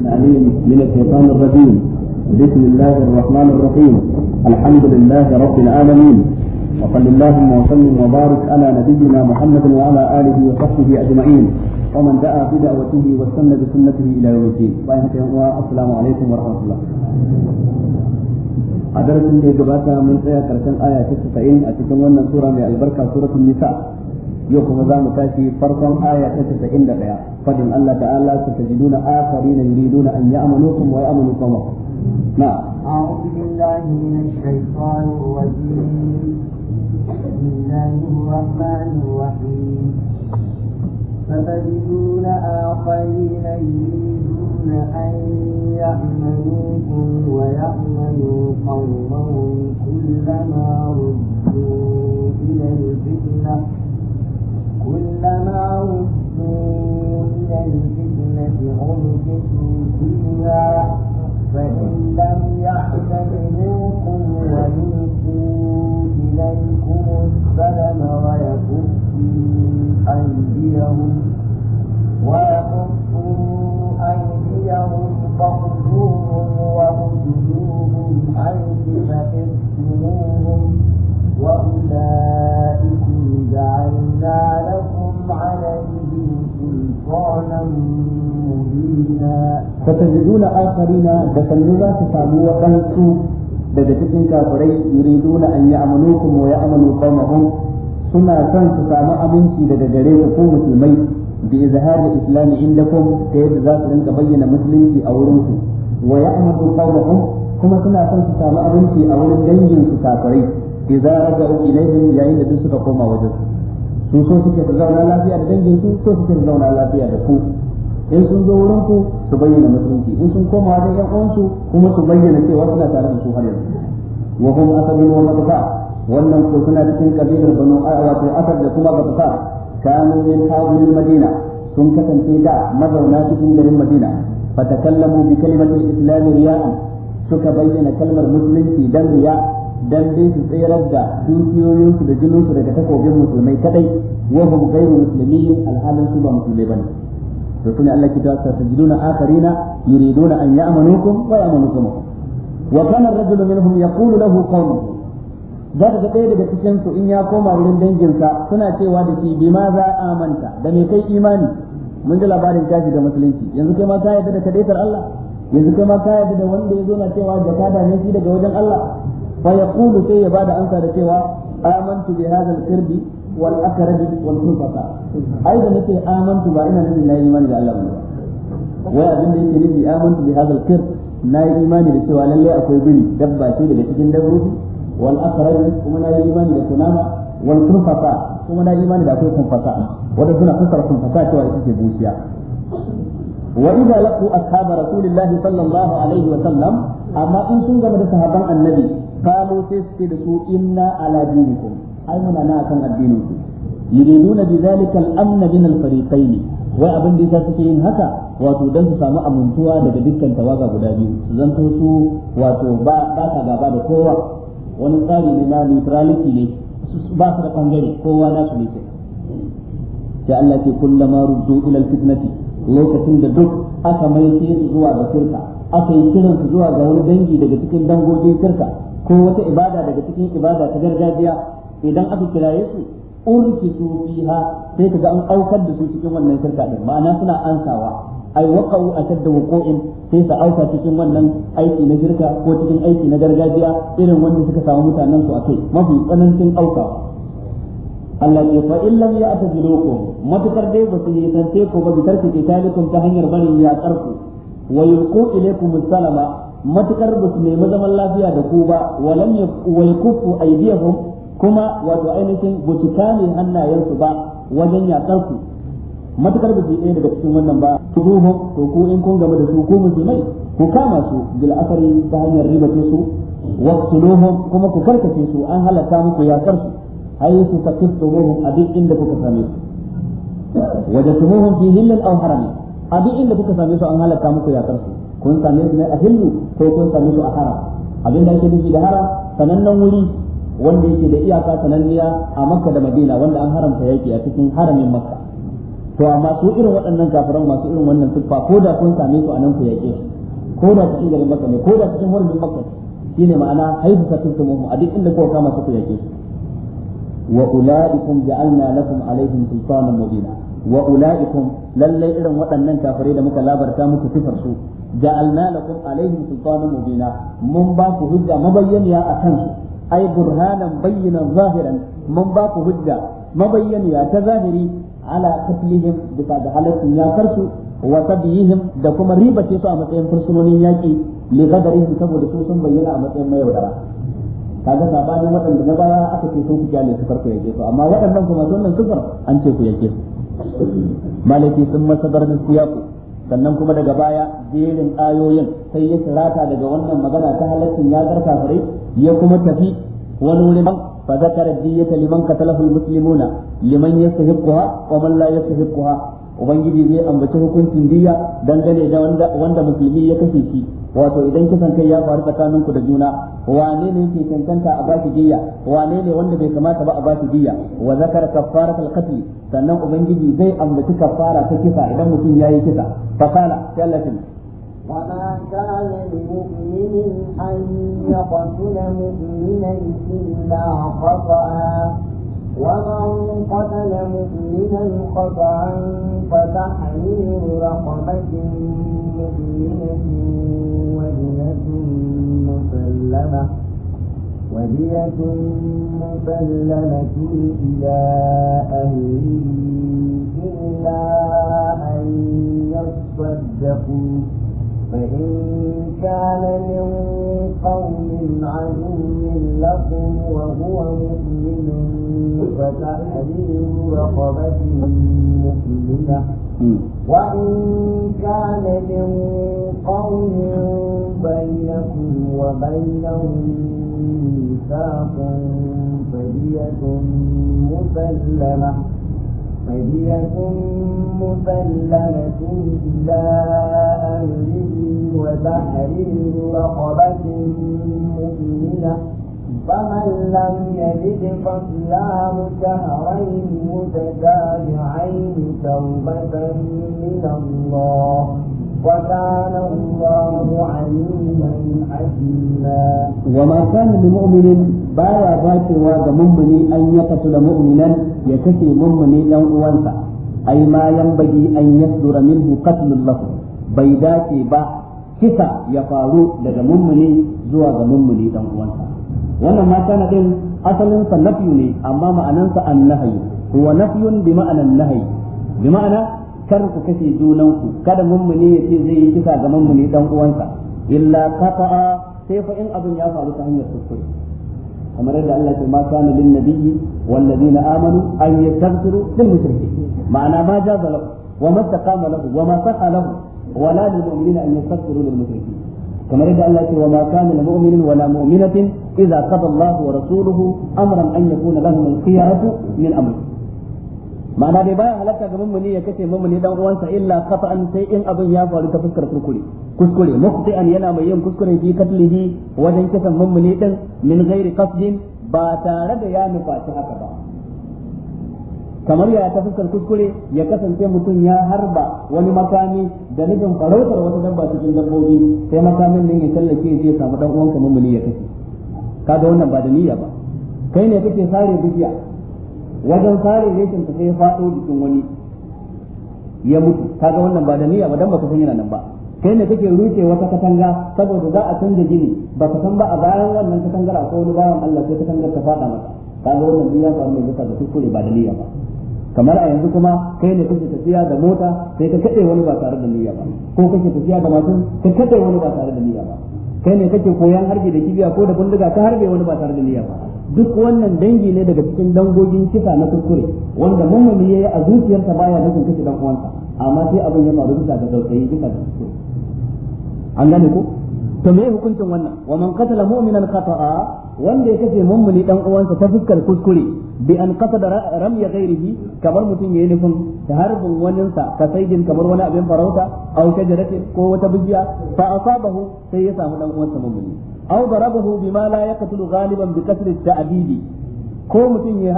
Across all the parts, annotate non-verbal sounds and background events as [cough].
العليم من الشيطان الرجيم بسم الله الرحمن الرحيم الحمد لله رب العالمين وصل اللهم وسلم وبارك على نبينا محمد وعلى اله وصحبه اجمعين ومن دعا بدعوته واستنى بسنته الى يوم الدين السلام عليكم ورحمه الله a darasin da ya gabata mun tsaya karshen aya ta 90 a cikin wannan sura mai albarka suratul nisa yau kuma za mu tashi farkon aya ta 91 fadin Allah ta'ala satajiduna akharina yuriduna an ya'manukum wa ya'manu qawmakum na'am a'udhu billahi minash shaitanir rajim bismillahir rahmanir rahim ستجدون آخرين يريدون أن يأمنوكم ويأمنوا قومهم كلما ردوا إلى الفتنة كلما ردوا إلى الفتنة أركسوا فيها فإن لم يعتذروكم ويلقوا إليكم السلم ويكفوا أيديهم ويكفوا أيديهم فخذوهم وخذوهم حيث شكستموهم وأولئك جعلنا لكم عليه سلطانا مبينا فتجدون آخرين بسنوبا تساموا وقنسوا daga cikin kafirai yuriduna an ya'manukum wa ya'manu qawmahum suna son su samu aminci daga gare ku ko musulmai bi izhar al-islam indakum ta yadda za su rinka bayyana musulunci a wurin ku wa ya'manu qawmahum kuma suna son su samu aminci a wurin dangin su kafirai idza raja'u ilayhim yayin da duk suka koma wajen su so suke su zauna lafiya da dangin su so suke su zauna lafiya da ku in sun zo wurin ku su bayyana musulunci in sun koma wajen yan uwansu kuma su bayyana cewa suna tare da su har yanzu wa hum asabun wa matfa wannan ko suna cikin kabilar banu wato asad da kuma matfa kanu min hawlil madina sun kasance da mazauna cikin garin madina fatakallamu bi kalimatil islam riya'an suka bayyana kalmar musulunci dan riya' dan dai su tsirar da su da jininsu daga takobin musulmai kadai wa hum ghayru muslimin alhalin su ba musulmai bane to sunan Allah kita ta tajiduna akharina yuriduna an ya'manukum wa ya'manukum wa kana ar-rajulu minhum yaqulu lahu qawmuhu za da dai daga cikin su in ya koma wurin dangin sa suna cewa da shi bima za a manta da me kai imani mun ji labarin tashi da musulunci yanzu kai ma ka yadda da kadaitar Allah yanzu kai ma ka yadda da wanda ya zo na cewa da ka dame shi daga wajen Allah fa yaqulu sai ya bada amsa da cewa amantu bi hadha al-kirbi wal akrab wal khufata ai da nake amantu ba ina nufin nayi imani da Allah ba wai abin da yake nufi amantu bi hadha al-kirb nayi imani da cewa lalle akwai biri dabba ce daga cikin dabbobi wal akrab kuma nayi imani da kunama wal khufata kuma nayi da akwai khufata suna ce وإذا لقوا أصحاب رسول الله صلى الله عليه وسلم أما إن سنجم صحابا النبي kamu sai da su inna ala dinikum ai na akan addinin ku yuriduna bi zalika al-amn min al-fariqayn wai abin da yasa suke yin haka wato dan su samu amintuwa daga dukkan tawaga guda biyu zan zanto su wato ba ba gaba da kowa wani tsari ne na neutrality ne ba su da bangare kowa za su ne sai Allah ce kullama ruddu ila al-fitnati lokacin da duk aka mai su zuwa ga shirka aka yi kiran su zuwa ga wani dangi daga cikin dangogin shirka ko wata ibada daga cikin ibada ta gargajiya idan aka kiraye su urki su fiha sai kaga an aukar da su cikin wannan shirka din ma'ana suna ansawa ai waqa'u ashadda wuqu'in sai su auka cikin wannan aiki na shirka ko cikin aiki na gargajiya irin wanda suka samu mutanen su akai mafi tsanancin auka Allah ya fa illam ya'tazilukum matukar dai ba su yi sance ko ba bi tarki ta hanyar barin ya karku wa yulqu ilaykum salama matukar ba su nemi zaman lafiya da ku ba walam yakufu aydiyahum kuma wato ainihin ba su kame hannayensu ba wajen yakar ku matukar ba su yi daga cikin wannan ba ruhum to ku in kun game da su ku musulmai ku kama su bil asari ta hanyar ribace su waqtuluhum kuma ku karkace su an halaka muku yakar su haythu taqiftumuhum a duk inda kuka same su wajatumuhum fi hillin aw harami a duk inda kuka same su an halaka muku yakar su kun same su ne a hillu ko kun same su a hara abin da ake nufi da hara sanannen wuri wanda yake da iyaka sananniya a makka da madina wanda an haramta yaki a cikin haramin makka to amma su irin waɗannan kafiran masu irin wannan siffa ko da kun same su a nan ku yake ko da cikin garin makka ne ko da cikin hurumin makka shine ma'ana haifu ka tuntumuhum a duk inda kuka kama su ku yake wa ulaikum ja'alna lakum alaihim sultanan mubina wa ulaikum lallai irin waɗannan kafirai da muka labarta muku sifar su ja'alna lakum alaihim sultanan mubina mun ba ku hujja mabayyaniya akan ai burhanan bayyana zahiran mun ba ku hujja mabayyaniya ta zahiri ala qatlihim bisa ga halaccin yakar su wa tabihim da kuma riba su a matsayin fursunonin yaki li gadarihim saboda sun bayyana a matsayin mayaudara kaga sabanin waɗanda na baya aka ce sun ku kyale su farko yake su amma waɗannan kuma sunan sufar an ce ku yake su sun masadar siyaku sannan kuma daga baya jerin ayoyin sai ya sirata daga wannan magana ta halaccin ya karfafa rai ya kuma tafi wani wuri man fa zakara diyyata liman katalahu almuslimuna liman yastahiqquha wa man la yastahiqquha ubangiji zai ambaci hukuncin diya dangane da wanda wanda musulmi ya kashe shi wato idan kisan kai ya faru tsakanin ku da juna wane ne yake cancanta a bashi diya wane ne wanda bai kamata ba a bashi diya wa zakara kaffaratul qatl sannan ubangiji zai ambaci kafara ta kisa idan mutum yayi kisa fa kana sai Allah وما كان لمؤمن أن يقتل مؤمنا إلا خطأ ومن قتل مؤمنا خطأ فتحرير رقبة مؤمنة ودية مسلمة ودية مسلمة إلى أهله إلا أن يصدقوا فإن كان من قوم عدو لكم وهو مؤمن فتحرير رقبة مؤمنة وإن كان من قوم بينكم وبينهم ميثاق فدية مسلمة فدية مسلمة إلى أهله وتحرير رقبة مؤمنة فمن لم يجد فصيام شهرين متتابعين توبة من الله وكان الله عليما حكيما وما كان لمؤمن بايا باتوا مؤمن أن يقتل مؤمنا ya kashe mummuni dan uwansa ai ma bagi an yasdura minhu qatlul lahu bai dace ba kisa ya faru daga mummuni zuwa ga mummuni dan uwansa wannan ma kana din asalin sa nafyu ne amma ma'anan sa annahi huwa nafyun bi ma'anan nahi bi ma'ana kar ku kashe junan ku kada mummuni ya ce zai yi kisa ga mummuni dan uwansa illa qata'a sai fa in abin ya faru ta hanyar kuskure kamar yadda Allah ya ce ma kana lin nabiyyi wal ladina amanu an yastaghfiru lil mushrikeen ma'ana ma jaza lahu wa ma taqama lahu wa ma saqa lahu wa la lil mu'minina an yastaghfiru lil mushrikeen kamar yadda Allah ya ce wa ma kana lil mu'minin wa la mu'minatin idza qada Allahu wa rasuluhu amran an yakuna lahum al khiyaratu min amrihim ma'ana dai baya halatta ga mummuni ya kace mummuni dan uwansa illa kafa an sai in abin ya faru ta fuskar kurkure kuskure an yana mai yin kuskure fi katlihi wajen kisan mummuni din min ghairi qasdin ba tare da ya nufaci haka ba kamar ya ta fuskar kuskure ya kasance mutum ya harba wani makami da nufin farautar wata dabba cikin dabbobi sai makamin nan ya tallake zai samu dan uwanka mummuni ya kace kaga wannan ba da niyya ba kai ne kake sare bishiya wajen fara reshen ta sai ya faɗo jikin wani ya mutu kaga wannan ba da niyya ba dan baka san yana nan ba kai ne kake ruce wata katanga saboda za a canza gini baka san ba a bayan wannan katangar akwai wani bawan Allah sai katangar ta faɗa maka kaga wannan niyya ba mai zaka da kuskure ba da niyya ba kamar a yanzu kuma kai ne kake tafiya da mota sai ka kade wani ba tare da niyya ba ko kake tafiya da mutum ka kade wani ba tare da niyya ba kai ne kake koyan harbi da kibiya ko da bindiga ka harbe wani ba tare da niyya ba duk wannan dangi ne daga cikin dangogin kisa na kurkure wanda mamami ya yi a zuciyarsa baya nufin kashe dan uwansa amma sai abin ya faru bisa ga dausayi bisa ga kuskure an gane ko to me hukuncin wannan wa man qatala mu'minan khata'a wanda ya kace mummuni dan uwansa ta fuskar kuskure bi an qasada ramya ghairihi kamar mutum yayi nufin da harbin waninsa ka saidin kamar wani abin farauta aw shajaratin ko wata bijiya fa asabahu sai ya samu dan uwansa mummuni aw darabahu bima la yaqtulu ghaliban bi kasri ta'didi ko mutum ya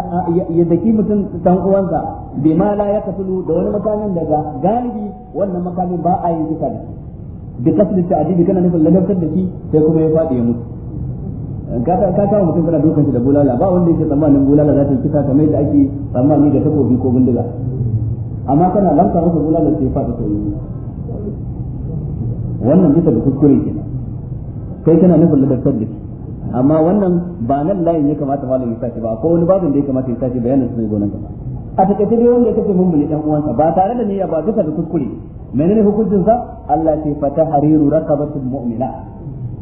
daki mutum dan uwansa bima la yaqtulu da wani makamin daga galibi wannan makamin ba a yi kisa da shi bi kasri ta'dibi kana nufin ladabtar da shi sai kuma ya fadi ya mutu ka ka kawo mutum kana dukan shi da bulala ba wanda yake tsammanin bulala za ta yi kisa kamar yadda ake tsammani ga takobi ko bindiga amma kana lamsa masa bulala sai fadi yi wannan bisa da kuskure ke kai kana nufin ladabtar da shi amma wannan ba nan layin ya kamata malami ya sace ba ko wani babin da ya kamata ya sace bayanin su ne gonan gaba a takaice dai wanda ya mun muni dan uwansa ba tare da niyya ba duka da kuskure menene hukuncin sa Allah ce fata hariru rakabatul mu'mina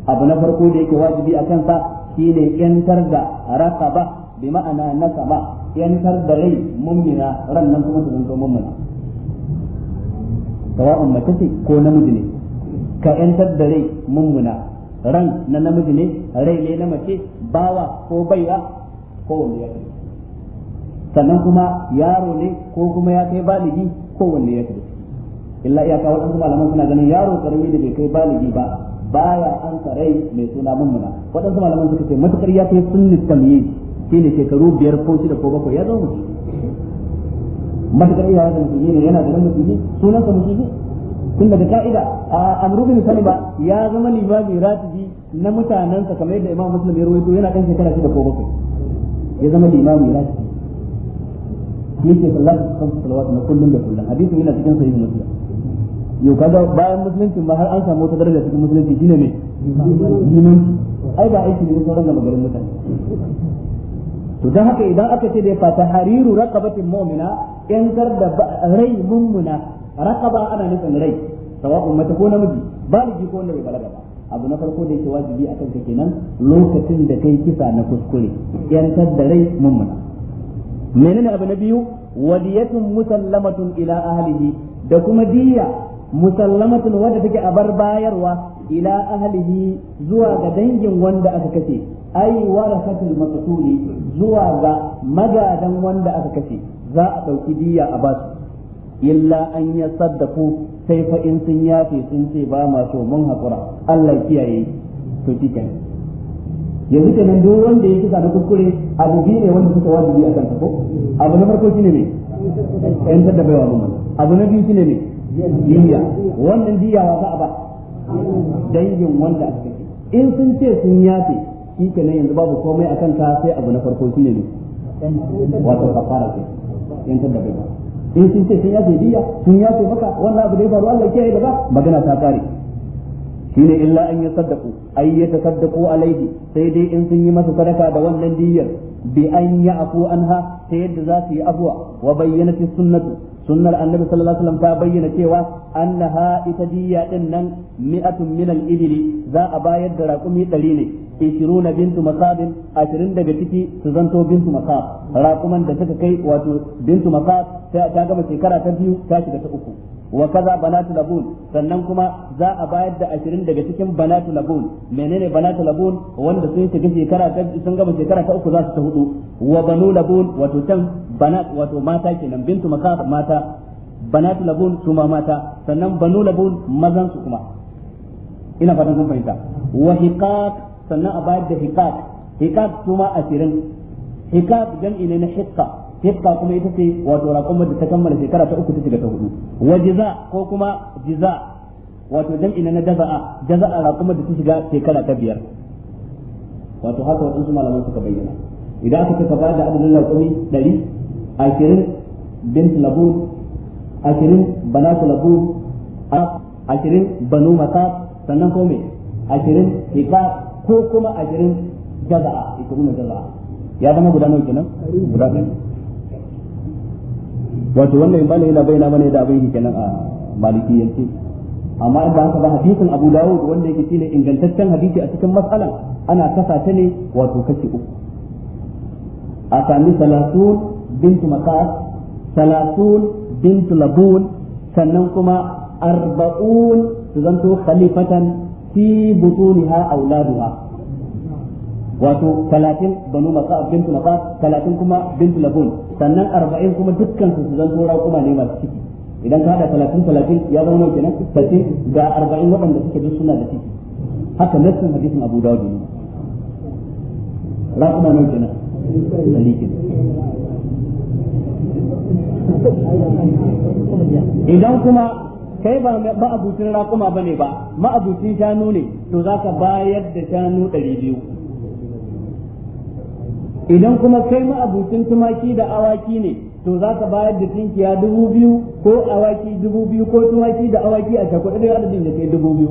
abu na farko da yake wajibi a kansa shine yantar da rakaba bi ma'ana nasaba yantar da rai mu'mina ran nan kuma ta zanto mummina sawa'un mace ce ko namiji ne ka yantar da rai mummuna ran na namiji ne rai ne na mace bawa ko baiwa ko wanda ya sannan kuma yaro ne ko kuma ya kai baligi ko wanne ya tafi illa kawo waɗansu malaman suna ganin yaro karami da bai kai baligi ba baya an karai mai suna mummuna waɗansu malaman suka ce matukar ya kai sunni tamyiz shine shekaru biyar ko shida ko bakwai ya zo mu matukar ya da musulmi ne yana da nan musulmi sunan sa musulmi tun daga ka'ida a amrubin bin salima ya zama limami ratibi na mutanensa kamar yadda imam muslim ya rawaito yana kan shekara shida ko bakwai ya zama limami ratibi yake sallah kan salawat na kullum da kullum hadisin yana cikin sahihin muslim yau kaga bayan musulunci ma har an samu wata daraja cikin musulunci shine ne yimin ai ba aiki ne sauran gama magarin mutane to dan haka idan aka ce da ya fata hariru raqabatin mu'mina yantar da rai mummuna raqaba ana nufin rai sawa'un mata ko namiji baligi ko wanda bai balaga ba abu na farko da yake wajibi akan ka kenan lokacin da kai kisa na kuskure yantar da rai mummuna menene abu na biyu wadiyatun musallamatun ila ahlihi da kuma diya musallamatun wadda take a bar bayarwa ila ahlihi zuwa ga dangin wanda aka kace ai warasatul maqtuli zuwa ga magadan wanda aka kashe za a ɗauki diya a basu illa an yasaddaqu sai fa sun yafe sun ce ba ma so mun hakura Allah kiyaye to shikenan yanzu ke nan duk wanda ya kisa da kuskure abu biyu ne wanda suka wajibi a kansa ko abu na farko shine ne yan da baiwa mun abu na biyu shine ne diya wannan diya wa za a ba dangin wanda aka kashe in sun ce sun yafe shi kenan yanzu babu komai a kanka sai abu na farko shine ne wato kafara ce yan da baiwa in sun ce sun yafe diya sun yafe maka wannan abu da ya faru Allah ya kiyaye daga magana ta kare shine illa an yasaddaqu ay yatasaddaqu alaihi sai dai in sun yi masa sadaka da wannan diyyar bi an afu anha ta yadda za su yi afwa wa bayyanat sunnatu sunnar annabi sallallahu alaihi wasallam ta bayyana cewa annaha ita diyya din nan mi'atun min al za a bayar da raƙumi 100 ne 20 bintu masabin 20 daga ciki su zanto bintu masab raƙuman da suka kai wato bintu masab ta gama shekara ta biyu ta shiga ta uku wa kaza banatu labun sannan kuma za a bayar da ashirin daga cikin banatu labun menene banatu labun wanda sun shiga shekara ta sun gama shekara ta uku za ta hudu wa banu labun wato can banat wato mata kenan bintu maka mata banatu labun su mata sannan banu labun mazan su kuma ina fatan kun fahimta wa hiqaq sannan a bayar da hiqaq hiqaq su ashirin jam'i ne na hiqqa hifka kuma ita ce wato raƙon da ta kammala shekara ta uku ta shiga ta hudu wa jiza ko kuma jiza wato ina na jaza'a jaza'a raƙon da ta shiga shekara ta biyar wato haka waɗansu malaman suka bayyana idan aka ce ka ba da adadin laƙumi ɗari ashirin bint labu ashirin banatu a ashirin banu mata sannan ko mai ashirin hika ko kuma ashirin jaza'a ita kuma jaza'a ya zama guda nawa kenan guda biyu wato wannan ibana yana bayyana mana da abin kenan a malikiyyanci amma in ba haka ba hadisin Abu Dawud wanda yake shine ingantaccen hadisi a cikin mas'alan ana kasa ta ne wato kashi uku a sami salasun bintu makas salasun bintu labun sannan kuma arba'un su zanto khalifatan fi butuniha auladuha wato 30 banu maka bintu maka 30 kuma bintu labun sannan 40 kuma dukkan su zan tsora kuma ne masu ciki idan ka hada 30 30 ya zama kenan tace ga 40 waɗanda suke duk suna da ciki haka nassin hadisin Abu Dawud ne rakuma ne kenan salikin idan kuma kai ba ma'abucin rakuma bane ba ma'abucin shanu ne to zaka bayar da shanu 200 idan kuma kai ma'abucin tumaki da awaki ne to za ka bayar da tinkiya dubu biyu ko awaki dubu biyu ko tumaki da awaki a shakwada da adadin da kai dubu biyu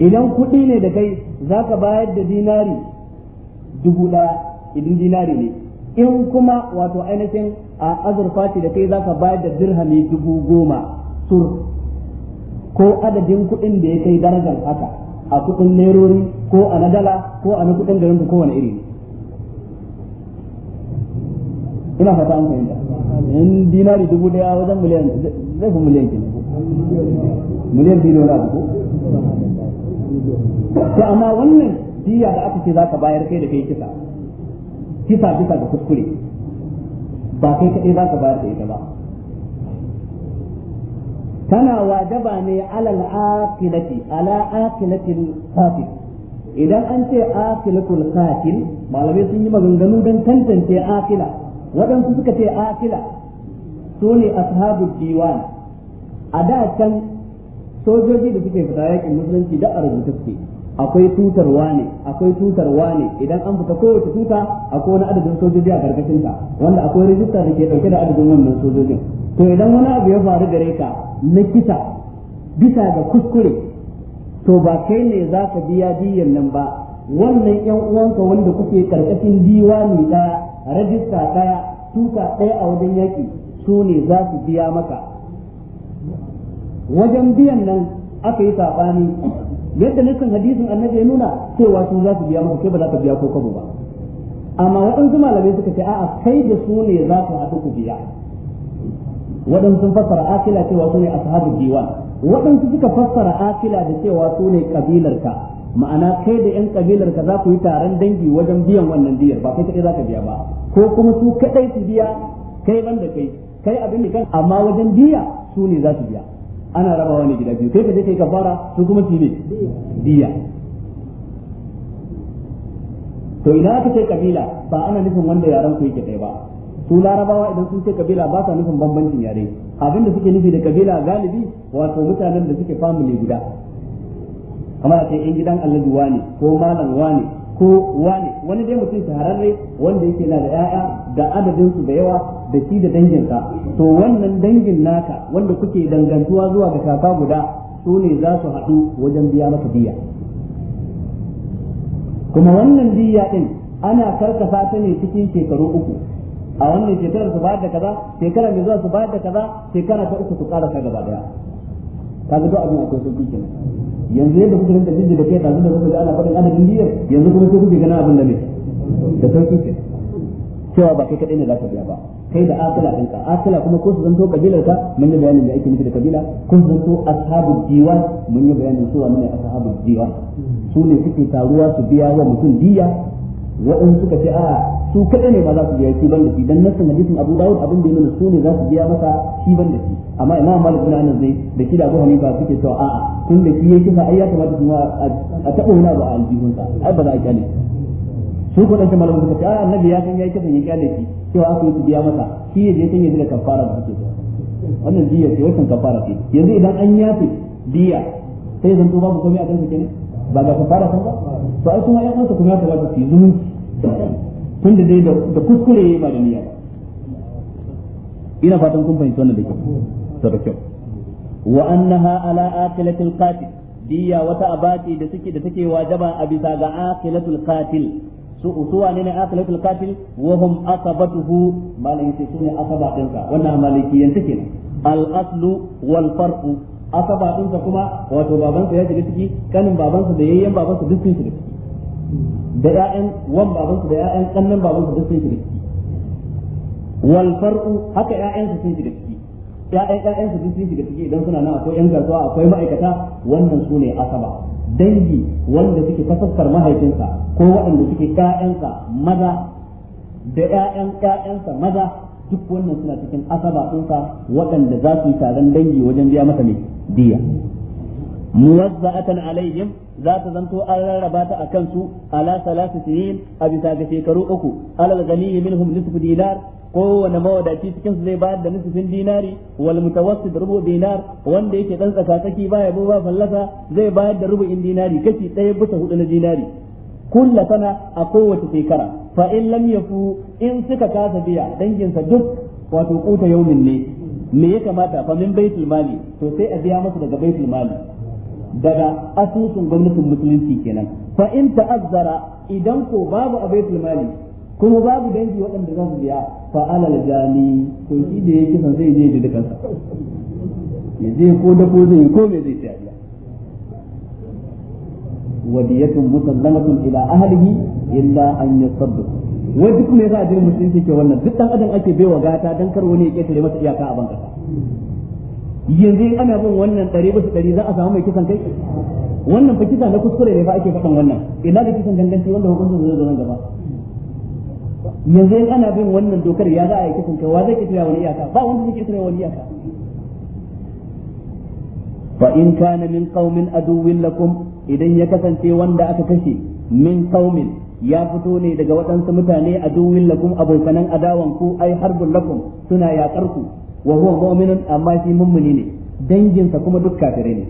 idan kuɗi ne da kai za ka bayar da dinari dubu ɗaya idan dinari ne in kuma wato ainihin a azurfa ce da kai za ka bayar da dirhami dubu goma sur ko adadin kuɗin da ya kai darajar haka a kuɗin nerori ko a na dala ko a na kuɗin garin kowane iri ne ina fata an fahimta in dinari dubu daya wajen miliyan zai fi miliyan kenan miliyan biyu na ko to amma wannan diya da aka ce ka bayar kai da kai kisa kisa bisa da kuskure ba kai kaɗai za ka bayar da ita ba tana wajaba ne alal aqilati ala aqilatil qatil idan an ce aqilatul qatil malamai sun yi maganganu don tantance aqila waɗansu suka ce akila su ne ashabu diwan a da can sojoji da suke fita yakin musulunci da a rubuta suke akwai tutar wane akwai tutar wane idan an fita kowace tuta akwai wani adadin sojoji a karkashin ta wanda akwai rijista da ke dauke da adadin wannan sojojin to idan wani abu ya faru gare ka na kisa bisa ga kuskure to ba kai ne za ka biya diyan nan ba wannan yan uwanka wanda kuke karkashin diwani ɗaya rajista ɗaya tuka ɗaya a wajen yaƙi su ne za su biya maka wajen biyan nan aka yi saɓani yadda nufin hadisin annabi ya nuna cewa su za su biya maka kai ba za ka biya ko kabo ba amma waɗansu malamai suka ce a'a kai da su ne za su haɗu ku biya waɗansu sun fassara akila cewa su ne ashabu diwan waɗansu suka fassara akila da cewa su ne kabilarka ma'ana kai da yan kabilar ka za ku yi taron dangi wajen biyan wannan diyar ba kai kadai za ka biya ba ko kuma su kadai su biya kai ban da kai kai abin da kan amma wajen biya su ne za su biya ana rabawa ne gida biyu kai ka je kai kafara su kuma su ne biya to idan aka ce kabila ba ana nufin wanda yaran ku yake ɗaya ba su larabawa idan sun ce kabila ba sa nufin bambancin yare abin da suke nufi da kabila galibi wato mutanen da suke family guda kamar a ce in gidan wa wane ko malam wane ko wane wani dai mutum shahararre wanda yake na da yaya da adadin su da yawa da shi da danginsa to wannan dangin naka wanda kuke dangantuwa zuwa ga kaka guda su ne za su haɗu wajen biya masa diya kuma wannan diya din ana karkasa ta ne cikin shekaru uku a wannan shekarar su bayar da kaza shekarar mai zuwa su bayar da kaza shekara ta uku su ƙara ta gaba daya kaga duk abin akwai sauki kenan yanzu yadda kuka rinka jijji da kai ɗazu da kuka ga ana faɗin adadin biyar yanzu kuma sai kuke gana abin da ne da sauƙi ce cewa ba kai kaɗai ne za ka biya ba kai da akila ɗinka akila kuma ko su zanto kabilar ka mun yi bayanin da ake nufi da kabila ko su zanto ashabin diwan mun yi bayanin su wa mun ashabin diwan su ne suke taruwa su biya wa mutum diya waɗansu suka ce a su kaɗai ne ba za su biya shi ban da shi dan nasan hadisin Abu Dawud abin da ya nuna su ne za su biya masa shi ban da shi amma imam malik bin anas dai da shi da abu hanifa suke cewa a'a tun da shi ya kisa ai ya kamata kuma a taɓa wani abu a sa ai ba za a kyale su ko dan malamin suka ce a annabi ya san ya kafin ya kyale shi to aka yi biya masa shi ya je san ya da kafara da suke wannan diya ce wannan kafara ce yanzu idan an yafe diya sai zan to babu komai a kansa kenan ba ga kafara kan ba to ai kuma ya uwansa kuma ya kamata su yi zumunci tun da dai da kuskure ba da niyya ina fatan kun fahimci wannan da kyau ta da kyau wa annaha ala aqilatil qatil diya wata abati da suke da take wajaba a bisa ga aqilatul qatil su usuwa ne na aqilatul qatil wa hum asabatuhu malai sai sune asaba dinka wannan maliki take ne al aslu wal farqu asaba dinka kuma wato baban sa ya shiga ciki kanin baban sa da yayyen babansa duk sun shiga ciki da ƴaƴan wan baban sa da ƴaƴan kannan baban duk sun shiga ciki wal farqu haka su sun shiga ciki ya'yan ƴaƴan su sun shiga ciki idan suna nan akwai ƴan kasuwa akwai ma'aikata wannan su ne asaba dangi wanda suke fasaskar mahaifinsa ko waɗanda suke ƴaƴansa maza da ƴaƴan ƴaƴansa maza duk wannan suna cikin asaba ɗinsa waɗanda za su yi taron dangi wajen biya masa ne diya muwazza'atan alaihim za ta zanto an rarraba ta akan su ala salasa sinin a bisa ga shekaru uku alal ganiyyi minhum nisfu dinar kowane mawadaci cikin su zai bayar da nisfin dinari wal mutawassit rubu dinar wanda yake dan tsakatsaki baya ba fallasa zai bayar da in dinari kashi ɗaya bisa hudu na dinari kulla sana a kowace shekara fa in lam yafu in suka kasa biya dangin sa duk wato kuta yaumin ne me ya kamata fa min baitul mali to sai a biya masa daga baitul mali daga asusun gwamnatin musulunci kenan fa in ta'azzara idan ko babu a baitul mali kuma babu dangi waɗanda za su biya fa alal jami to shi da ya kisan zai je da kansa ya je ko da ko zai ko me zai tsaya biya wadiyatun musallamatun ila ahlihi illa an yasaddaq wai duk me yasa addinin musulunci ke wannan duk dan adam ake baiwa gata dan kar wani ya ketare masa iyaka a banka yanzu in ana bin wannan ɗari bisa ɗari za a samu mai kisan kai wannan fa kisa na kuskure ne fa ake faɗan wannan ina da kisan ganganci wanda hukuncin zai zo nan gaba yanzu in ana bin wannan dokar ya za a yi kisan kawai zai kitira wani iyaka ba wanda zai kitira wani iyaka fa in kana min qaumin aduwwin lakum idan ya kasance wanda aka kashe min qaumin ya fito ne daga waɗansu mutane aduwwin lakum abokanan adawan ku ai harbin lakum suna yaƙar ku wa huwa mu'minun amma shi mummuni ne danginsa kuma duk kafirai ne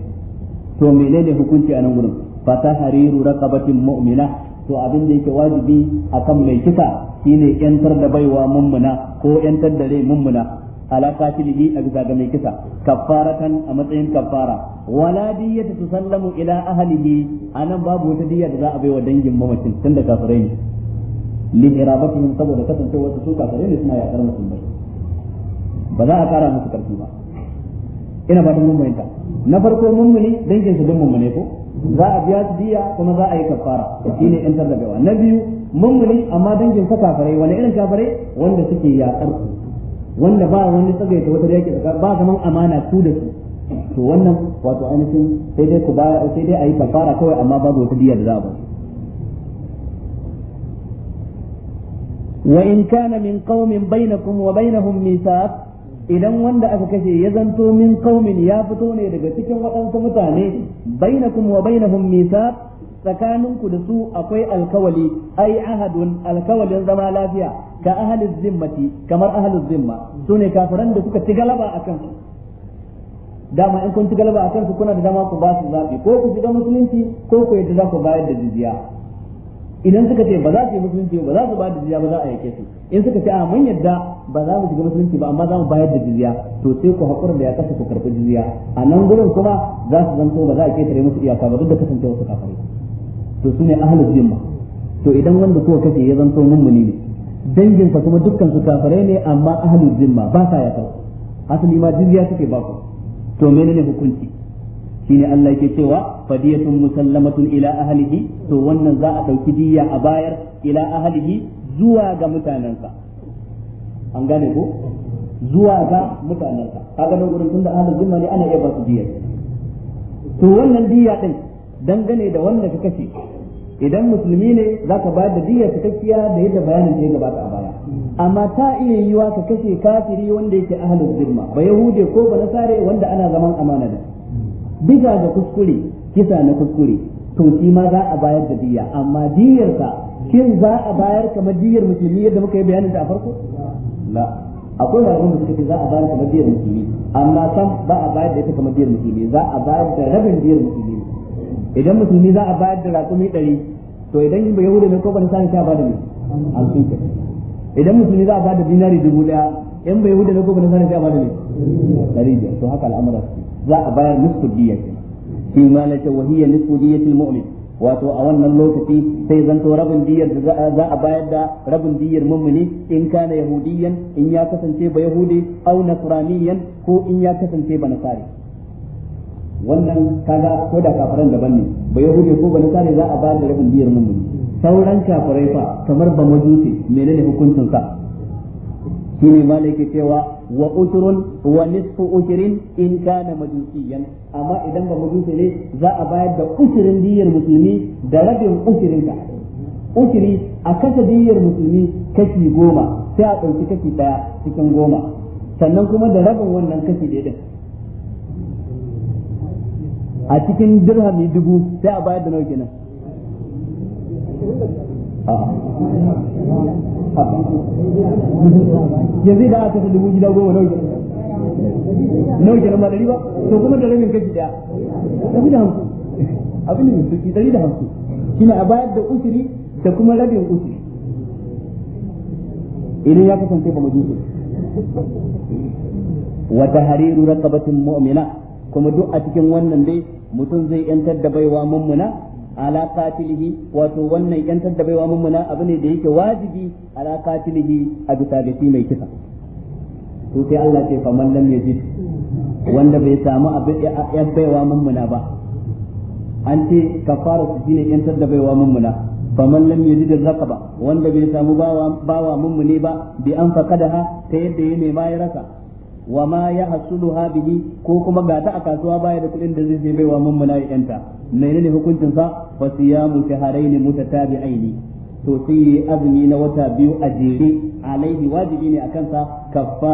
to menene hukunci a nan gurin fa hariru raqabatin mu'mina to abin da yake wajibi akan mai kisa shine yantar da baiwa mummuna ko yantar da rai mummuna ala qatilihi a bisa ga mai kisa kaffaratan a matsayin kaffara wala diyyatu tusallamu ila ahlihi anan babu wata diyya da za a baiwa dangin mamacin tunda kafirai ne li irabatihim saboda kasancewar su kafirai ne suna yakar musulmai ba za a kara musu karfi ba ina fatan mun fahimta na farko mummuni dangin su dun mummune ko za a biya su diya kuma za a yi kafara ne yan tardabewa na biyu mummuni amma dangin sa kafarai wani irin kafarai wanda suke yakar wanda ba wani tsagaita wata yake ba zaman amana su da su to wannan wato ainihin sai dai ku ba sai dai a yi kafara kawai amma babu wata diya da za a ba وإن كان من قوم بينكم وبينهم ميثاق idan wanda aka kashe ya zanto min kaumin ya fito ne daga cikin waɗansu mutane bainakum wa bainahum mithaq tsakaninku da su akwai alkawali ai ahadun alkawalin zama lafiya ka ahalin zimmati kamar ahalin zimma su ne kafiran da kuka ci galaba a kansu dama in kun ci galaba a kansu kuna da dama ku ba su zaɓi ko ku shiga musulunci ko ku yadda za ku bayar da jizya idan suka ce ba za su yi musulunci ba za su ba da jizya ba za a yake su in suka ce a mun yadda ba za mu shiga musulunci ba amma za mu bayar da jizya to sai ku hakura da ya kasa ku karɓi jizya a nan gurin kuma za su zanto ba za a ketare musu iyaka ba duk da kasancewa su kafare to su ne ahlul jimma to idan wanda kowa kake ya zanto mummuni ne dangin danginsa kuma dukkan su kafare ne amma ahlul jimma ba sa ya asali ma jizya suke ba ku to menene hukunci shine Allah yake cewa fadiyatun musallamatun ila ahlihi to wannan za a dauki diya a bayar ila ahlihi zuwa ga mutanensa an gane ko zuwa ga mutanensa kaga nan gurin tunda ahlul zimma ne ana iya ba su diya to wannan diya din dangane da wanda ka kashe idan musulmi ne za ka bayar da diya cikakkiya da yadda bayanin da ya gabata a baya amma ta iya yiwa ka kashe kafiri wanda yake ahlul zimma ba yahude ko ba nasare wanda ana zaman amana da bisa ga kuskure kisa na kuskure to shi ma za a bayar da diya amma diyar ka shin za a bayar kamar diyar musulmi yadda muka yi bayanin ta a farko la akwai wani da suka ce za a bayar kamar diyar musulmi amma san ba a bayar da ita kamar diyar musulmi za a bayar da rabin diyar musulmi idan musulmi za a bayar da rakumi ɗari to idan ba yahuda ne ko ba sani ta bada ne an fita, idan musulmi za a bayar da dinari dubu ɗaya yan ba yahuda ne ko ba sani ta bada ne ɗari biyar to haka al'amura su za a bayar nisfu diyyati fi ma la tawhiya nisfu diyyati mu'min wato a wannan lokaci sai zan zanto rabin diyar da za a bayar da rabin diyar mummuni in kana yahudiyan in ya kasance ba yahudi au nasraniyan ko in ya kasance ba nasari wannan kaga ko da kafiran daban ne ba yahudi ko ba nasari za a bayar da rabin diyar mummuni sauran kafirai fa kamar ba majusi menene hukuncin sa shine malai ke cewa wa usurun wa nisfu usurin in kana majusiyan amma idan ba majusi ne za a bayar da usurin diyar musulmi da rabin usurin ka usuri a kasa diyar musulmi kashi goma sai a ɗauki kashi ɗaya cikin goma sannan kuma da rabin wannan kashi ɗaya a cikin dirhami dubu sai a bayar da nauki nan. yanzu da aka ta dubu gida goma kenan ba dari ba to kuma da daya dari da hamsin abin da dari da hamsin shine a bayar da da kuma rabin idan ya kasance ba mu ji wa tahriru raqabatin mu'mina kuma duk a cikin wannan dai mutum zai yantar da baiwa mummuna ala katilihi wato wannan yantar da baiwa mummuna abu ne da yake wajibi ala katilihi a bisa shi mai kisa to sai Allah ce fa man lam yajid wanda bai samu abin ya baiwa mummuna ba an ce kafara su shine yantar da baiwa mummuna fa man lam yajid raqaba wanda bai samu bawa bawa mummune ba bi an fakadaha ta yadda ya nema ya rasa wa ma ya hasulu bihi ko kuma ga ta a kasuwa baya da kuɗin da zai je baiwa mummuna ya yanta menene hukuncin sa fa siyamu shahrayn mutatabi'ain to sai yi azumi na wata biyu a jere alaihi wajibi ne a duk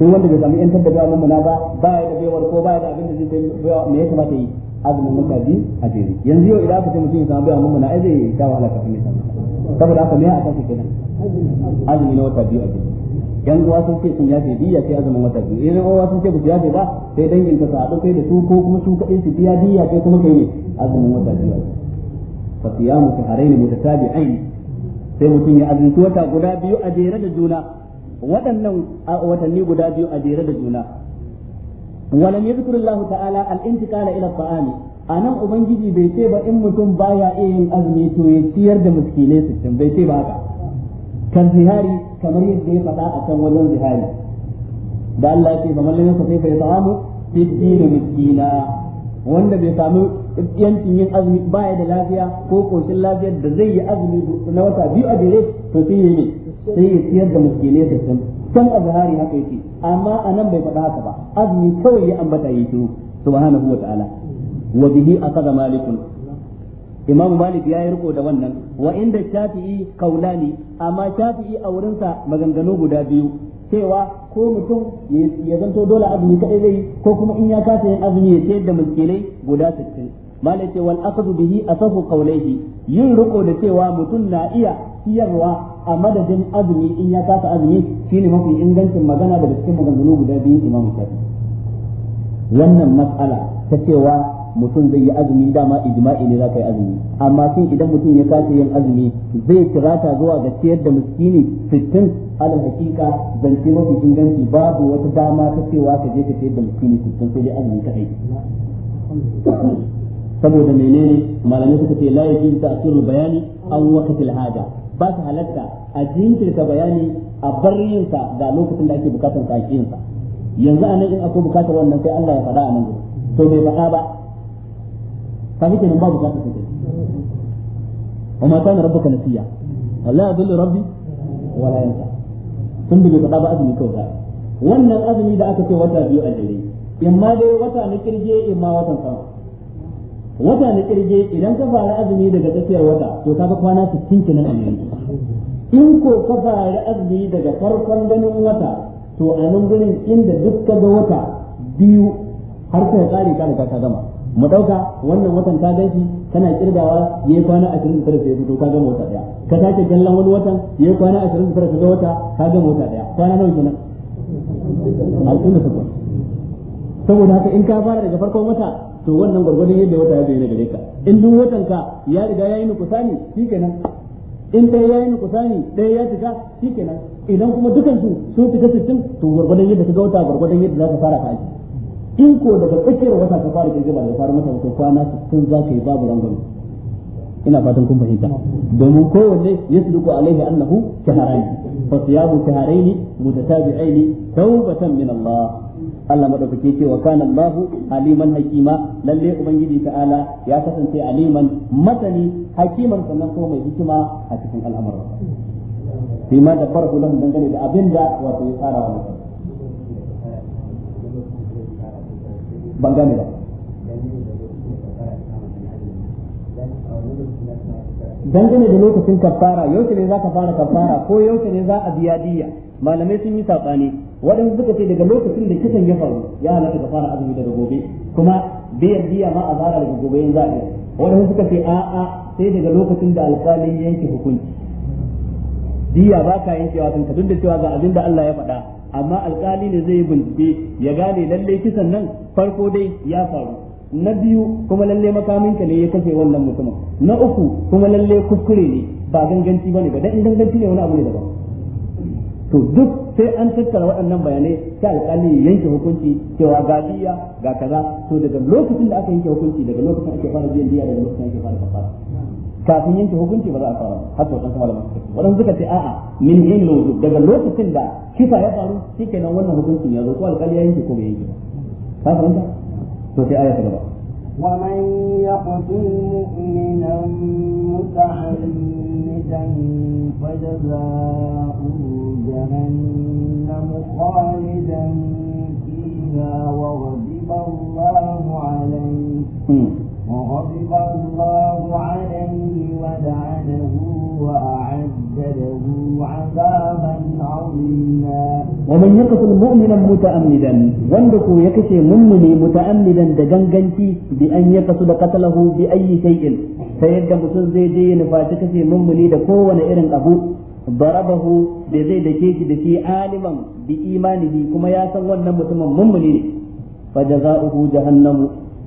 wanda bai sami yantar da baiwa mummuna ba ya da baiwar ko ya da abin da zai baiwa me ya kamata yi azumin wata a jere yanzu yau idan aka ce mutum ya samu baiwa mummuna ai zai kawo halaka kuma ya samu saboda haka me a kanka kenan azumi na wata biyu a jiki yan uwa sun ce sun yafe biya sai azumin wata biyu idan uwa sun ce ba su yafe ba sai dangin ka sa a kai da su ko kuma su kaɗai su biya diya kai kuma kai ne azumin wata biyu a jiki fa siyamu shahrayn mutatabi'ain sai mutum ya azumci wata guda biyu a jere da juna waɗannan watanni guda biyu a jere da juna ولم يذكر الله تعالى الانتقال الى الطعام a nan ubangiji bai ce ba in mutum baya iya yin azumi to ya ciyar da su tun bai ce ba haka kan zihari kamar yadda ya faɗa a kan wajen zihari da Allah ya ce ba mallan yasa sai ya samu fitti da miskina wanda bai samu yancin yin azumi baya da lafiya ko koshin lafiya da zai yi azumi na wata biyu a jere to sai ya ne sai ya tiyar da su tun kan azhari haka yake amma a nan bai faɗa haka ba azumi kawai ya ambata yi to subhanahu wa ta'ala wa bihi aqada malikun imam malik ya yi riko da wannan wa inda shafi'i kaulani amma shafi'i a wurinsa maganganu guda biyu cewa ko mutum ya zanto dole azumi kadai zai ko kuma in ya kasa yin azumi ya sayar da miskilai guda 60 malik ce wal aqdu bihi asafu qawlihi yin riko da cewa mutum na iya siyarwa a madadin azumi in ya kasa azumi shine mafi ingancin magana daga cikin maganganu guda biyu imam shafi'i wannan mas'ala ta cewa mutum zai yi azumi dama ijma'i ne za ka yi azumi amma sun idan mutum ya kace yin azumi zai kirata zuwa ga ciyar da miskini sittin alal hakika zance mafi inganci babu wata dama ta cewa ka je ka ciyar da miskini sittin sai dai azumi kadai saboda menene malamai suka ce la yajin ta'khirul bayani an waqtil haja ba ta halatta a jinkirka bayani a barin sa ga lokacin da ake bukatar sa yanzu anan in akwai bukatar wannan sai Allah ya faɗa a nan to bai faɗa ba fa kike nan babu kasa kake wa ma kana rabbuka nasiya wallahi adullu rabbi wala yansa sun bi ka ba azumi kawai wannan azumi da aka ce wata biyu a dare imma dai wata na kirje imma watan sama wata na kirje idan ka fara azumi daga tsakiyar wata to ka ga kwana 60 kenan a in ko ka fara azumi daga farkon ganin wata to a nan gurin inda duk ka ga wata biyu har ka kare ka da ka gama mu dauka wannan watan ta ganshi kana kirgawa yayi kwana 29 sai fito ka gama wata daya ka sake gallan wani watan yayi kwana 29 ka ga wata ka gama wata daya kwana nawa kenan al'umma ta saboda haka in ka fara daga farkon wata to wannan gwargwadon yadda wata ya bayyana gare ka in duk watan ka ya riga yayi kusani shikenan in ɗaya ya yi nukusani ɗaya ya tuka shikenan idan kuma su sun fita sittin to gwargwadon yadda ka ga wata gwargwadon yadda za ka fara ka aji in ko daga tsakiyar wata ka fara kirkira da fara masa wata kwana 60 za ka yi babu rangwame ina fatan kun fahimta domin kowanne yasduqu alaihi annahu shahrani fa siyamu ta mutatabi'aini tawbatan min Allah Allah madaukake ce wa kana Allahu aliman hakima lalle ubangiji ta'ala ya kasance aliman matani hakiman sannan kuma mai hikima a cikin al'amuran fi ma da farko lahum dangane da abinda wato ya tsara wa ban gane ba dangane da lokacin kafara yauke ne za ka fara kafara ko yauke ne za a biya diya malamai sun yi saɓani waɗanda suka ce daga lokacin da kisan ya faru ya halatta ka fara azumi daga gobe kuma biyan diya ma a fara daga gobe yanzu zaɓe waɗanda suka ce a'a sai daga lokacin da alƙalin yanke hukunci diya ba ka yankewa kanka duk da cewa ga abin da Allah ya faɗa amma alkali ne zai bincike ya gane lalle kisan nan farko dai ya faru na biyu kuma lalle makaminka ne ya kashe wannan mutumin na uku kuma lalle kuskure ne ba ganganci bane ba dan ganganci ne wani abu ne daban to duk sai an tattara waɗannan bayanai sai alƙali ya yanke hukunci cewa ga biya ga kaza to daga lokacin da aka yanke hukunci daga lokacin ake fara biyan diya daga lokacin ake fara kafara kafin yanke hukunci ba za a fara har sau ɗansu malaman suka ce waɗansu suka ce a'a min ilmi wujud daga lokacin da kisa ya faru shikenan wannan hukuncin ya zo ko alƙali ya yanke ko bai yanke ba ka fahimta to sai aya ta gaba ومن يقتل مؤمنا متعمدا فجزاؤه جهنم خالدا فيها وغضب الله عليه وغضب الله ولعنه وأعد له عذابا عظيما ومن يقتل مؤمنا متعمدا وندك يكشي مؤمني متعمدا دجنجنتي بأن يقصد قتله بأي شيء سيد مسلم زي دي نفاتك في مؤمني دكو إرن أبو ضربه بزي دكيش دكي عالما بإيمانه كما ياسن ونن مسلم مؤمني فجزاؤه جهنم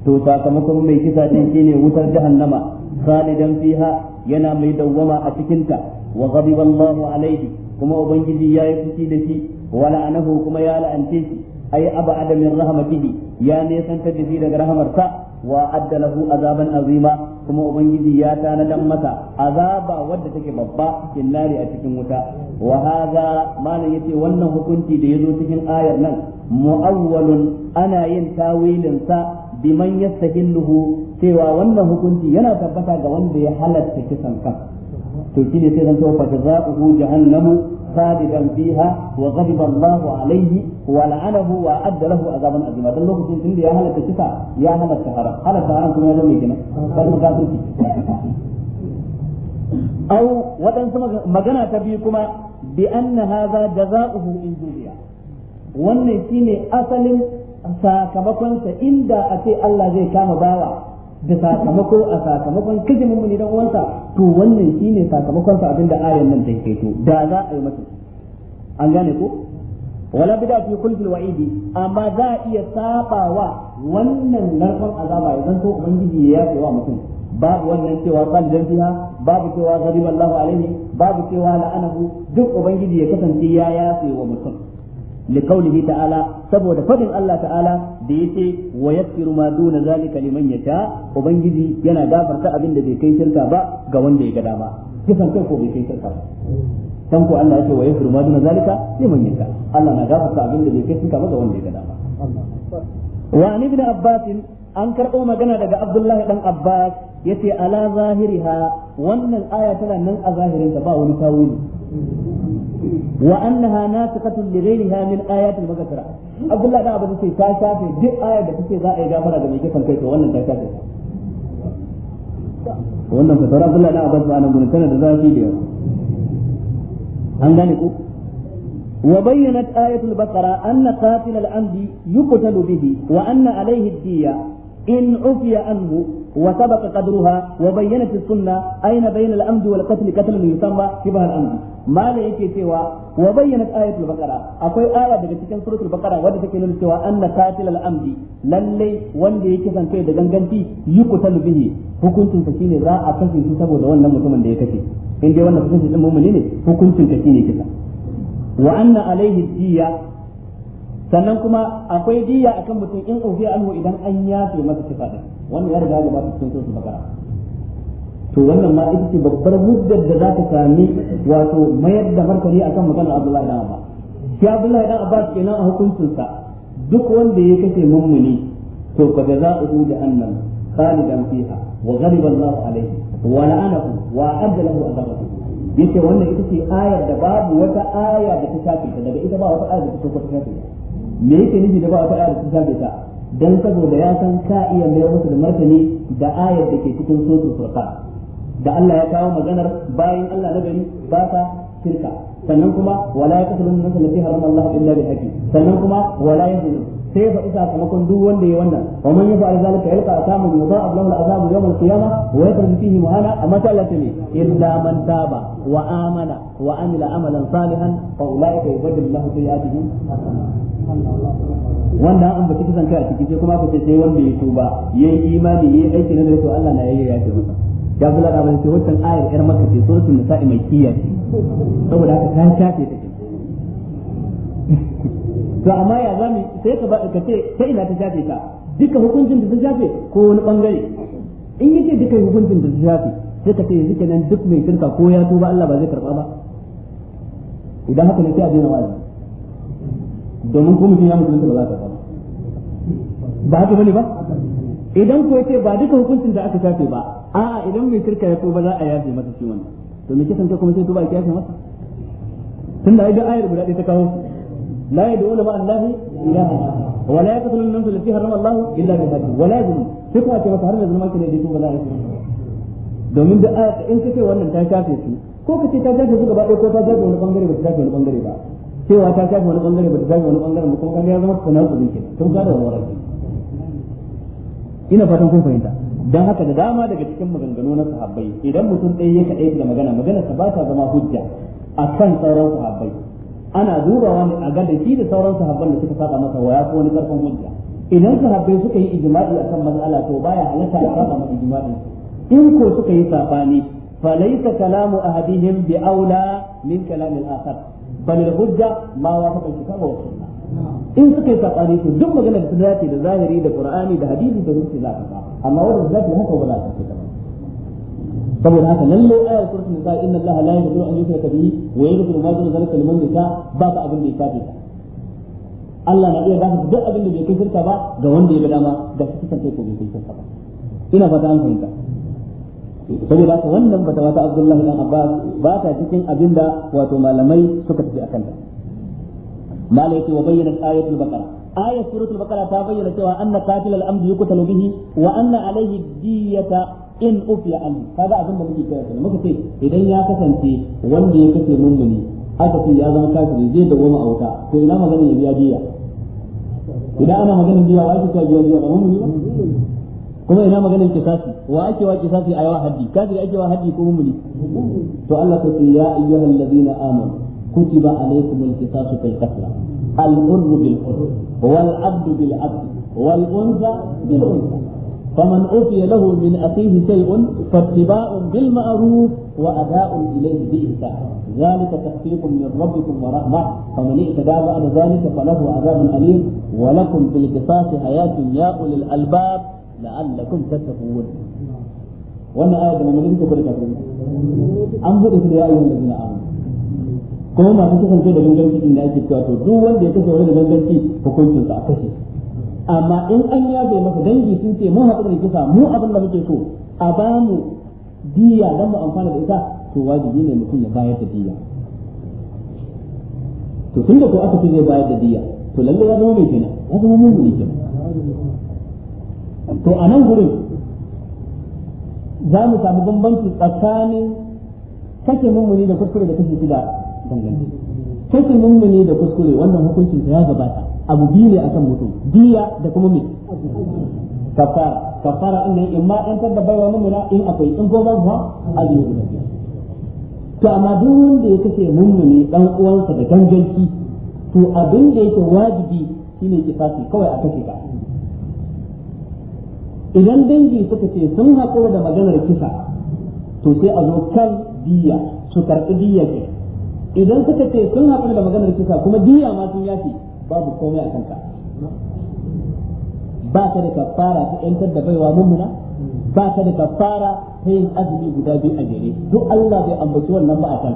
to sakamakon mai kisa din shine wutar jahannama khalidan fiha yana mai dawwama a cikin ta wa ghadiba Allahu alaihi kuma ubangiji ya yi fushi da shi wa anahu kuma ya la'ance shi ay abada min rahmatihi ya ne san ta dafi daga rahamarsa wa adda azaban azima kuma ubangiji ya tanadan masa azaba wadda take babba kinnari a cikin wuta wa hadha malan yace wannan hukunci da yazo cikin ayar nan mu'awwalun ana yin tawilin sa biman yastahilluhu cewa wannan hukunci yana tabbata ga wanda ya halatta kisan kan to shi ne sai zan tawo fata za'uhu jahannamu khalidan fiha wa ghadiba Allahu alayhi wa la'anahu wa adda lahu azaban azima dan lokacin tun ya halatta kisa ya halatta haram halatta haram kuma ya zama gina kan kafirci au wadansu magana ta biyu kuma bi anna hadha jazaohu in duniya wannan shine asalin sakamakonsa inda a ce Allah zai kama bawa da sakamako a sakamakon kaje mummuni dan uwansa to wannan shine sakamakon sa abinda ayan nan ta to da za a yi masa an gane ko wala bida fi kulli wa'idi amma za a iya sabawa wannan narkon azaba idan to ubangiji ya yafe wa mutum babu wannan cewa kan fiha babu cewa gariban Allahu alaihi babu cewa la'anahu duk ubangiji ya kasance ya yafe wa mutum لقوله تعالى سبو فضل الله تعالى ديتي ويسر ما دون ذلك لمن يشاء وبنجي ينا غافر تا ابين da bai kai shirka ba ga wanda ya ga dama kisan kai ko bai kai shirka ba dan Allah yake wayar ma duna zalika liman yasha Allah na gafarta abin da bai kai shirka ba ga wanda ya ga dama wa an ibn abbas an karbo magana daga abdullahi ɗan abbas yace ala ha wannan aya tana nan a zahirin ta ba wani tawili wa annaha nasiqatun li ghayriha min ayatil mukaffara Abdullahi da Abu sai ta shafe duk ayar da take za a yi gafara ga mai kisan kai to wannan ta shafe wannan fatara Abdullahi da Abu ba nan gurin tana da zafi da yawa an gane ko وبينت آية البقرة أن قاتل العمد يقتل به wa عليه الدية wa عفي عنه وسبق قدرها وبينت السنة أين بين العمد والقتل قتل يسمى شبه العمد malam yake cewa wa bayyana ayatul baqara akwai aya daga cikin suratul baqara wadda take nuna cewa anna qatilal amdi lalle wanda yake san kai da ganganci yuqtal bihi hukuncin sa shine za a kashe shi saboda wannan mutumin da ya kashe in dai wannan hukuncin din mu'mini ne hukuncin ka shine kisa wa anna alaihi diya sannan kuma akwai diya akan mutum in ufiya anhu idan an yafe masa kifada wannan ya riga gaba cikin suratul baqara to wannan ma ita ce babbar hujjar da za ta sami wato mayar da martani akan maganar Abdullahi dan Abbas shi Abdullahi dan Abbas kenan a hukuncinsa duk wanda ya kashe mummuni to fa jaza'uhu annan khalidan fiha wa ghadiba Allah alayhi wa la'anahu wa adda lahu adabahu yace wannan ita ce ayar da babu wata aya da ta shafe ta daga ita ba wata aya da ta shafe ta me yake nufi da ba wata aya da ta shafe ta dan saboda ya san ka iya mayar musu da martani da ayar da ke cikin suratul furqan da Allah ya kawo maganar bayan Allah na gari ba ta shirka sannan kuma wala ya kasulun nan salati harama Allah illa bi haki sannan kuma wala ya zulu sai ya faɗi sakamakon duk wanda ya wannan wa man yafa'al zalika yalqa asaman yudha'af lahu al'azabu yawm al-qiyamah wa yakun fihi muhana amma ta Allah ne illa man taba wa amana wa amila amalan salihan fa ulaika yubaddilu lahu sayi'atihim wanda an ambaci kisan kai a ciki sai kuma ku ce sai wanda ya tuba yayi imani yayi aiki na da Allah na yayi ya ce masa ya bula da ce wancan ayar yar maka ce suratul nisa'i mai kiyar ce saboda haka ta shafe ta [laughs] to amma ya zami sai ka ka ce ta ina ta shafe ta duka hukuncin da ta shafe ko wani bangare in yake duka hukuncin da ta shafe sai ka ce yanzu kenan duk mai shirka ko ya tuba Allah ba zai karba ba idan haka ne sai a daina wa'azi domin ko mutum ya mutu ba za ka karba ba haka bane ba idan ko ce ba duka hukuncin da aka shafe ba a idan mai shirka ya ba za a yafe masa shi wannan to me kisan kai kuma sai tuba a yafe masa tunda ai da ayar guda ɗaya ta kawo la yad'una ma allahi ilaha wa la yaqtulu an-nafs allati harrama allah illa bi haqqi wa la yadhun sai kuma ce masa har da zulma kine da ba za a yafe domin da in kace wannan ta shafe shi ko kace ta shafe su gaba ɗaya ko ta shafe wani bangare ba ta shafe wani bangare ba cewa ta shafe wani bangare ba ta shafe wani bangare ba kuma kan ya zama tsanau ɗin kenan tun ka da wani ina fatan kun fahimta don haka da dama daga cikin maganganu na sahabbai idan mutum ɗaya ya kaɗai da magana magana ta ba ta zama hujja akan sauran sahabbai ana dubawa ne a ga da shi da sauran sahabban da suka saba masa waya ko wani karfin hujja idan sahabbai suka yi ijma'i akan mas'ala to baya halatta a saba masa ijma'i in ko suka yi sabani falaisa kalamu ahadihim bi aula min kalamil akhar bal hujja ma wafaqa al wa in suka yi sabani to duk maganar da dace da zahiri da qur'ani da hadisi da rusul za ka amma wanda zai ta haka ba za ka ta saboda haka lalle ayar suratul nisa inna allaha la yaghfiru an yushraka bihi wa yaghfiru ma duna zalika liman yasha ba ka abin da ya kafe ka Allah na iya ba duk abin da bai kai shirka ba ga wanda ya ga dama da shi kan kai ko bai kai shirka ba ina fata an fahimta saboda haka wannan bata wata Abdullahi dan Abbas ba ta cikin abinda wato malamai suka tafi akan ta ما ليس وبينت آية البقرة آية سورة البقرة تبين سوى أن قاتل الأمد يقتل به وأن عليه الدية in ufiya an kaga abin da muke kira kenan muka ce idan ya kasance wanda ya aka ce ya zama kafiri zai dawoma a wuta to ina magana ya biya biya idan ana maganin biya wa ake cewa biya biya ba mummuni kuma ina maganin kisasi wa ake wa kisasi a yawa haddi kafiri ake wa haddi ko mummuni to Allah ta ce ya ayyuhal ladina amanu كتب عليكم القصاص في القتلى الأر بالحر والعبد بالعبد والانثى بالانثى فمن أوتي له من أخيه شيء فاتباع بالمعروف وأداء إليه بإحسان ذلك تخفيف من ربكم ورحمة فمن اعتدى بعد ذلك فله عذاب أليم ولكم في القصاص حياة يا أولي الألباب لعلكم تتقون وأنا آية من أنتم بركة أنظر إلى أيها الذين آمنوا kuma masu kasance da ganganci din da ake cewa to duk wanda ya kasance da ganganci hukuncin sa a kashe amma in an yabe masa dangi sun ce mun haɗu da kisa mu abin da muke so a ba mu diya dan mu amfana da ita to wajibi ne mutum ya bayar da diya to tun da ko aka ce zai bayar da diya to lalle ya zama mai kina ya zama ne kina to a nan gurin za mu samu bambanci tsakanin kake mummuni da kuskure da kashe shida kan gani kashe mummuni da kuskure wannan hukuncin ya gabata abu biyu ne akan mutum diya da kuma mai kafara kafara in in ma an tada baiwa mummuna in akwai in goma ba azumi da to amma duk wanda ya kashe mummuni dan uwansa da ganganci to abin da yake wajibi shine kifasi kawai a kace ka idan dangi suka ce sun haƙura da maganar kisa to sai a zo kan diya su karɓi diya ke idan suka ce sun haƙura da maganar kisa kuma diya ma sun yafi babu komai a kanka ba ka da kafara ta yantar da baiwa mummuna ba ka da kafara ta yin azumi guda biyu a jere duk Allah bai ambaci wannan ba a kan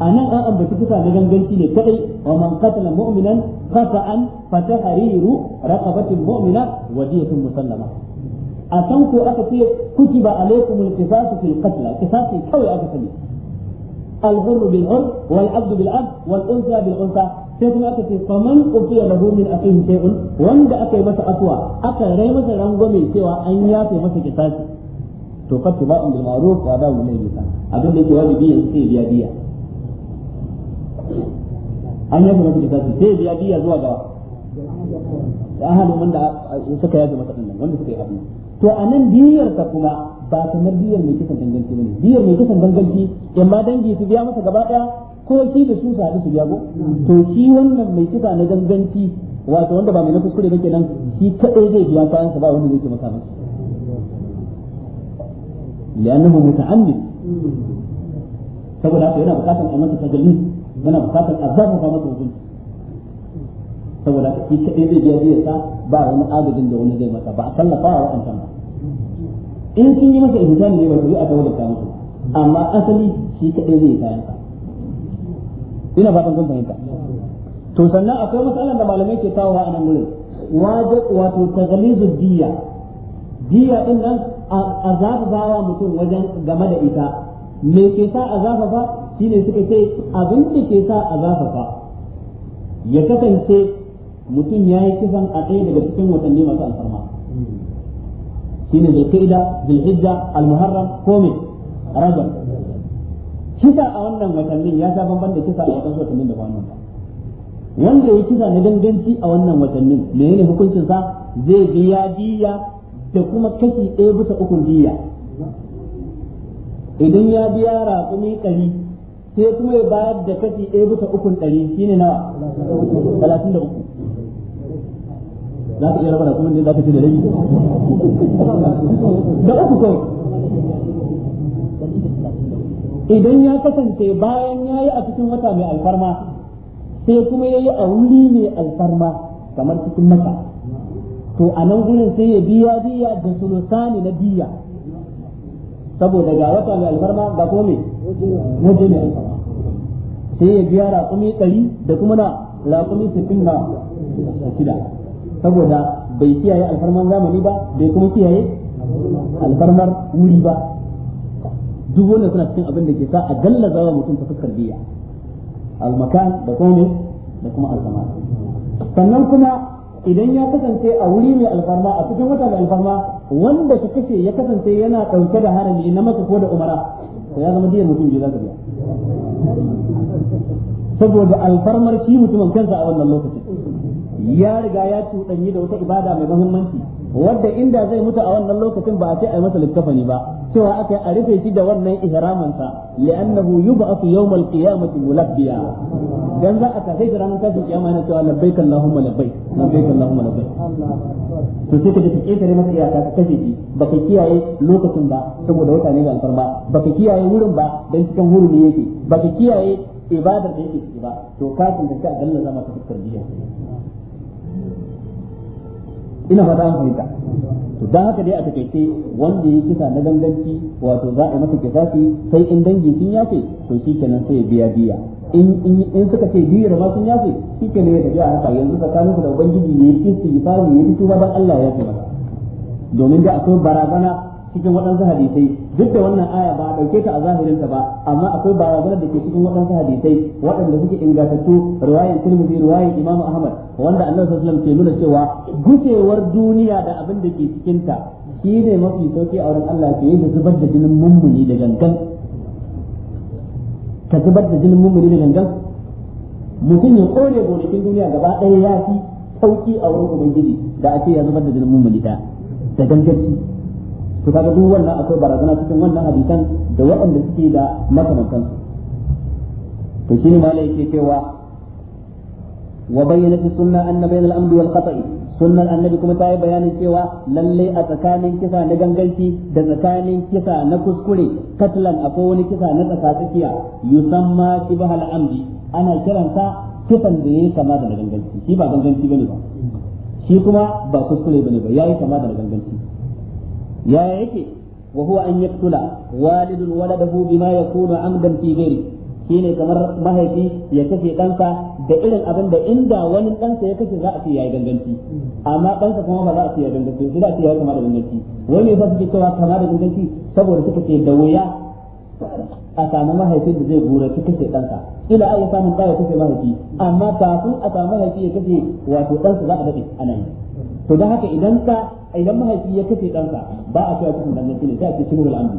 a nan an ambaci kisa na ganganci ne kadai wa man qatala mu'minan qata'an fa tahriru raqabatin mu'mina wa diyatun musallama a san ko aka ce kutiba alaikumul qisasu fil qatl qisasi kawai aka sani الحر بالحر والعبد بالعبد والانثى بالانثى sai kuma aka ce faman ufiya lahu min akhihi shay'un wanda aka yi masa afwa aka rai masa rangwame cewa an yafe masa kitasi to fa tuba'un bil ma'ruf ba da'u bil ma'ruf abin da yake wajibi yanzu sai biya diya an yafe masa kitasi sai biya diya zuwa ga ahalin wanda suka yafe masa dinnan wanda suka yi abu to anan diyar ta kuma ba kamar biyar mai kisan danganci bane biyar mai kisan danganci ma dangi su biya masa gaba daya ko shi da su sadu su biya ko to shi wannan mai kisa na danganci wato wanda ba mai na kuskure ba kenan shi kadai zai biya bayan sa ba wanda zai ke masa li'annahu muta'ammid saboda haka yana bukatar a masa tajalli yana bukatar a zafafa masa hukunci saboda haka shi kadai zai biya biyar sa ba wani agajin da wani zai masa ba a tallafa wa wa'ancan ba in sun yi masa ihsan ne ba su a tawo da kayan amma asali shi kadai zai kayan yanka, ina fatan kun fahimta to sannan akwai matsalar da malamai ke kawo a nan gurin wato tagalizu diya diya din nan a zafafawa mutum wajen game da ita me ke sa a zafafa shine suka ce abin da ke sa a zafafa ya kasance mutum ya yi kisan a ɗaya daga cikin watanni masu alfarma shine zulqa'ida zulhijja almuharram ko me rajab kisa a wannan watannin ya ta bamban kisa a wadansu watannin da ba wanda ya kisa na danganci a wannan watannin menene hukuncin sa zai biya da kuma ukun idan ya biya raƙumi ɗari sai kuma ya bayar da kashi ɗaya bisa ukun ɗari shine nawa talatin da uku za ka iya raba ne za ka ce da rabi uku ko idan ya kasance bayan ya yi a cikin wata mai alfarma sai kuma ya yi a wuri mai alfarma kamar cikin maka to a nan gurin sai ya biya biya da sulusani na biya saboda ga wata mai alfarma ga kome waje mai alfarma sai ya biya raƙumi ɗari da kuma na raƙumi sittin na shida saboda bai kiyaye alfarman zamani ba bai kuma kiyaye alfarmar wuri ba duk wanda suna cikin abin da ke sa a galla wa mutum ta fuskar biya almakan da kuma da kuma alfarma sannan kuma idan ya kasance a wuri mai alfarma a cikin wata mai alfarma wanda ka kashe ya kasance yana ɗauke da harami na maka ko da umara to ya zama jiya mutum biyu za ka biya saboda alfarmar shi mutumin kansa a wannan lokaci. ya riga ya cuɗanyi da wata ibada mai muhimmanci wadda inda zai mutu a wannan lokacin ba a ce a yi masa littafani ba cewa aka yi a rufe shi da wannan ihramansa li'annahu yub'athu yawmal qiyamati mulabbiya dan za a tafi ranar tashin kiyama yana cewa labbaik allahumma labbaik labbaik allahumma labbaik to sai ka tafi ƙetare masa iyaka ka kashe shi baka kiyaye lokacin ba saboda wata ne ga alfarma baka kiyaye wurin ba dan cikin ne yake baka kiyaye ibadar da yake ciki ba to kafin da ka dalla zama ta fuskar biya ina fata an fahimta to dan haka dai a takaice wanda ya kisa na ganganci wato za a yi masa kisasi sai in dangi sun yafe to shi kenan sai ya biya biya in in suka ce biyar ma sun yafe shi kenan ya tafi a haka yanzu tsakanin ku da ubangiji ne yake istighfari ne yake tuba dan Allah ya yafe masa domin da akwai barazana cikin waɗansu hadisai duk da wannan aya ba a ɗauke ta a ta ba amma akwai barazanar da ke cikin waɗansu hadisai waɗanda suke ingantattu riwayan tirmidhi riwayan imamu ahmad wanda annabi sallallahu alaihi ke nuna cewa gushewar duniya da abin da ke cikin ta shine mafi sauki a wurin Allah ke yin zubar da jinin mummuni da gangan ka zubar da jinin mummuni da gangan mutum ya kore gonakin duniya gaba ɗaya ya fi sauki a wurin ubangiji da ake ya zubar da jinin mummuni da gangan to kaga duk wannan akwai barazana cikin wannan hadisan da waɗanda suke da makamantan su to ne malai yake cewa wa bayyana sunna anna al amdi wal khata'i sunna annabi kuma ta yi bayanin cewa lalle a tsakanin kisa na ganganci da tsakanin kisa na kuskure katlan akwai wani kisa na tsakatsakiya yusamma kibahal amdi ana kiransa kisan da yayi kama da ganganci shi ba ganganci bane ba shi kuma ba kuskure bane ba yayi kama da ganganci ya yake wa huwa an yaqtula walidun waladahu bima yakunu amdan fi ghairi shine kamar mahaifi ya kashe ɗansa da irin abin da inda wani ɗansa ya kashe za a ce yayi ganganci amma ɗansa kuma ba za a ce ya ganganci sai da ya yayi kama da ganganci wani ba suke cewa kama da ganganci saboda suka ce da wuya a samu mahaifin da zai gura ta kashe ɗansa ila ai samun ɗaya kashe mahaifi amma kafin a samu mahaifi ya kashe wato ɗansa za a daɗe ana yi to don haka idan ka idan mahaifi ya kace ɗansa ba a cewa cikin danganci ne sai a ce shimurul amdi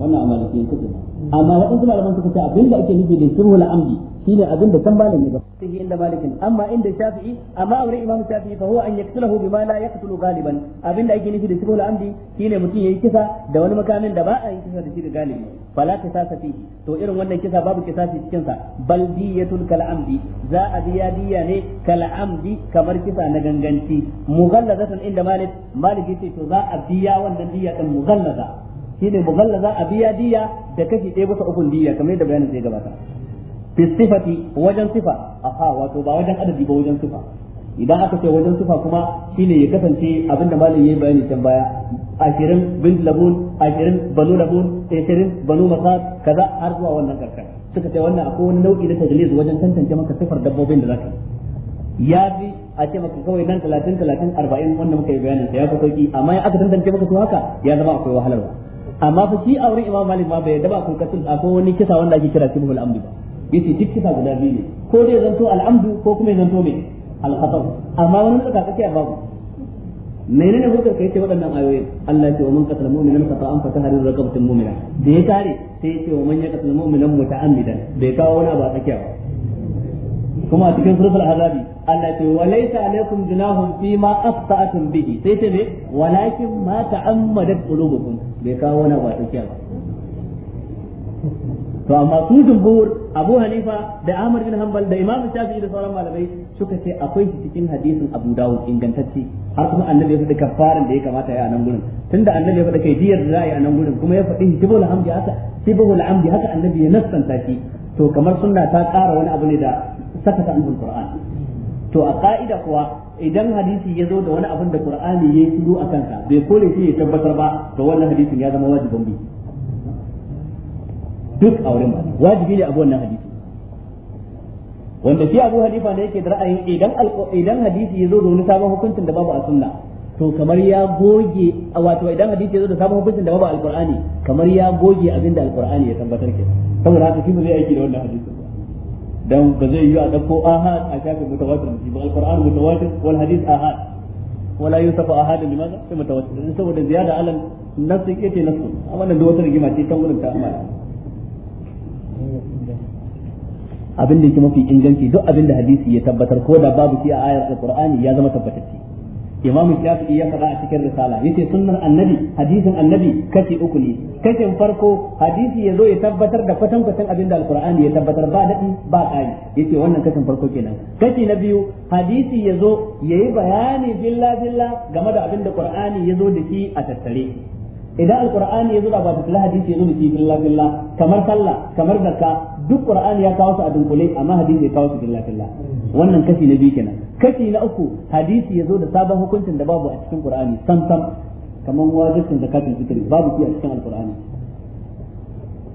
wannan amalikiyan take amma waɗansu malaman suka ce abinda ake nufi da sirrul amdi shine abinda kan malami ba sai inda malikin amma inda shafi'i amma aure imam shafi'i fa huwa an yaktulahu bima la yaqtulu galiban abinda ake nufi da sirrul amdi shine mutum yayi kisa da wani makamin da ba a yi kisa da shi da galibi fala kisasa fihi to irin wannan kisa babu kisasi cikin sa bal diyatul kal amdi za a biya diya ne kal amdi kamar kisa na ganganci mughallazatan inda malik malik yace to za a biya wannan diya din mughallaza shine za a biya diya da kashi ɗaya bisa ukun diya kamar yadda bayanin zai gabata fi sifati wajen sifa aha wato ba wajen adadi ba wajen sifa idan aka ce wajen sifa kuma shine ya kasance abinda malam yayi bayani can baya ashirin bin labun ashirin banu labun ashirin banu masar kaza har zuwa wannan karkar suka ce wannan akwai wani nau'i na tajliz wajen tantance maka sifar dabbobin da zaka ya fi a ce maka kawai nan talatin talatin arba'in wannan muka yi bayanin sa ya fi sauki amma in aka tantance maka su haka ya zama akwai wahalarwa amma fa shi auren imam malik ma bai daba kun kasin akwai wani kisa wanda ake kira sibul amdu ba yace duk kisa guda biyu ne ko dai zanto al'amdu ko kuma zanto me al-khata'u amma wani tsaka kake a babu menene hukar kai ce waɗannan ayoyin Allah ce wa man qatala mu'minan ta'am fa tahri raqabatin mu'mina da ya kare sai ya ce wa man yaqtala mu'minan muta'ammidan bai kawo wani ba a tsakiya ba kuma a cikin suratul azabi Allah ce wa laysa alaikum junahun fi ma aqta'tum bihi sai ce ne walakin ma ta'ammadat qulubukum bai kawo wani ba take ba to amma su jumhur Abu Hanifa da Ahmad bin Hanbal da Imam Shafi'i da sauran malamai suka ce akwai shi cikin hadisin Abu Dawud ingantacce har kuma annabi ya faɗi kafaran da ya kamata ya a nan gurin tunda annabi ya faɗi kai diyar da za a yi a nan gurin kuma ya faɗi hibul hamdi haka hibul hamdi haka annabi ya nassanta shi to kamar sunna ta ƙara wani abu ne da sakata anhu alquran to a ka'ida kuwa idan hadisi ya zo da wani abin da qur'ani yayi shiru a kanka bai kore shi ya tabbatar ba to wannan hadisin ya zama wajibin bi duk a wurin wajibi ne abu wannan hadisi wanda shi Abu hadifa ne yake da ra'ayin idan idan hadisi ya zo da wani sabon hukuncin da babu a sunna to kamar ya goge wato idan hadisi ya zo da sabon hukuncin da babu alqur'ani kamar ya goge abin da alqur'ani ya tabbatar ke saboda haka shi ba zai aiki da wannan hadisin ba dan ba zai yi a dauko ahad a shafin mutawatir ba alquran mutawatir wal hadith ahad wala yusafu ahad limaza sai mutawatir dan saboda ziyada alal nasu yake nasu amma nan da wata rigima ce ta wurin ta amana abin da yake mafi inganci duk abin da hadisi ya tabbatar ko da babu shi a ayar alqur'ani ya zama tabbatacce imamu shafi'i ya faɗa a cikin risala yace sunnar annabi hadisin annabi kashi uku ne kashin farko hadisi ya zo ya tabbatar da kwatan kwatan abin da alqur'ani ya tabbatar ba daɗi ba ƙari yace wannan kashin farko kenan kashi na biyu hadisi ya zo yayi bayani billa billa game da abin da qur'ani ya zo da shi a tattare idan alqur'ani ya zuba ba da hadisi ya zo da shi billah billah kamar sallah kamar zakka duk qur'ani ya kawo su a dunkule amma hadisi ya kawo su billah billah wannan kashi na biyu kenan kashi na uku hadisi ya zo da sabon hukuncin da babu a cikin qur'ani sam sam kamar wajibin zakatul fitr babu shi a cikin alqur'ani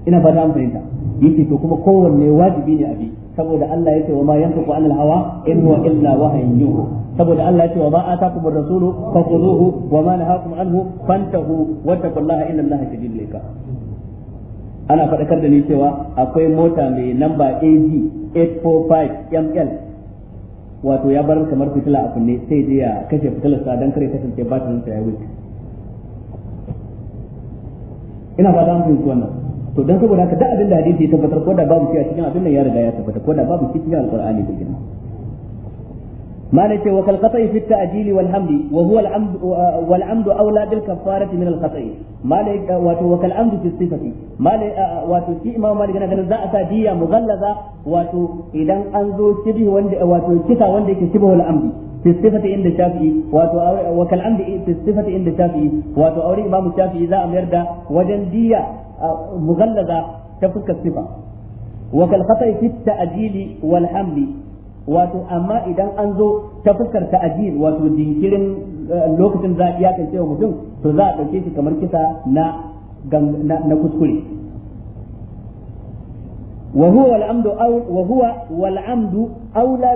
ina fata an fahimta yake to kuma kowanne wajibi ne a bi saboda Allah ya ce wa ma ku anil hawa in huwa illa wahyin yuha saboda Allah ya ce wa ma atakumur rasulu fakhuduhu wa ma nahakum anhu fantahu taqullaha inna Allaha shadidul iqab ana faɗakar da ni cewa akwai mota mai namba AG 845 ML wato ya bar kamar fitila a kunne sai dai ya kashe fitilar sa dan kare kasance batirin sa ya wuce ina fata an fahimci wannan to dan saboda haka duk abin da hadisi ya tabbatar ko babu shi a cikin abin ya riga ya tabbata ko babu shi cikin alqur'ani ko kina malaka wa kal qata'i fi ta'jili wal hamdi wa wal amd awla bil kafarati min al qata'i malaka wa to wa kal shi imam malik yana ganin za a sa diya mughallaza wa to idan an zo shibi wanda wa to kita wanda yake shibi wal amd fi sifati inda shafi'i wa to wa kal amd fi inda shafi'i wa to awri imam shafi'i za a mayar da wajen diya mughallaza ta fuskar sifa wa kal fi ta'jili wal hamli wato amma idan an zo ta fuskar ta'jil wato jinkirin lokacin za iya kan cewa mutum to za a dauke shi kamar kisa na na kuskure wa huwa wal amdu aula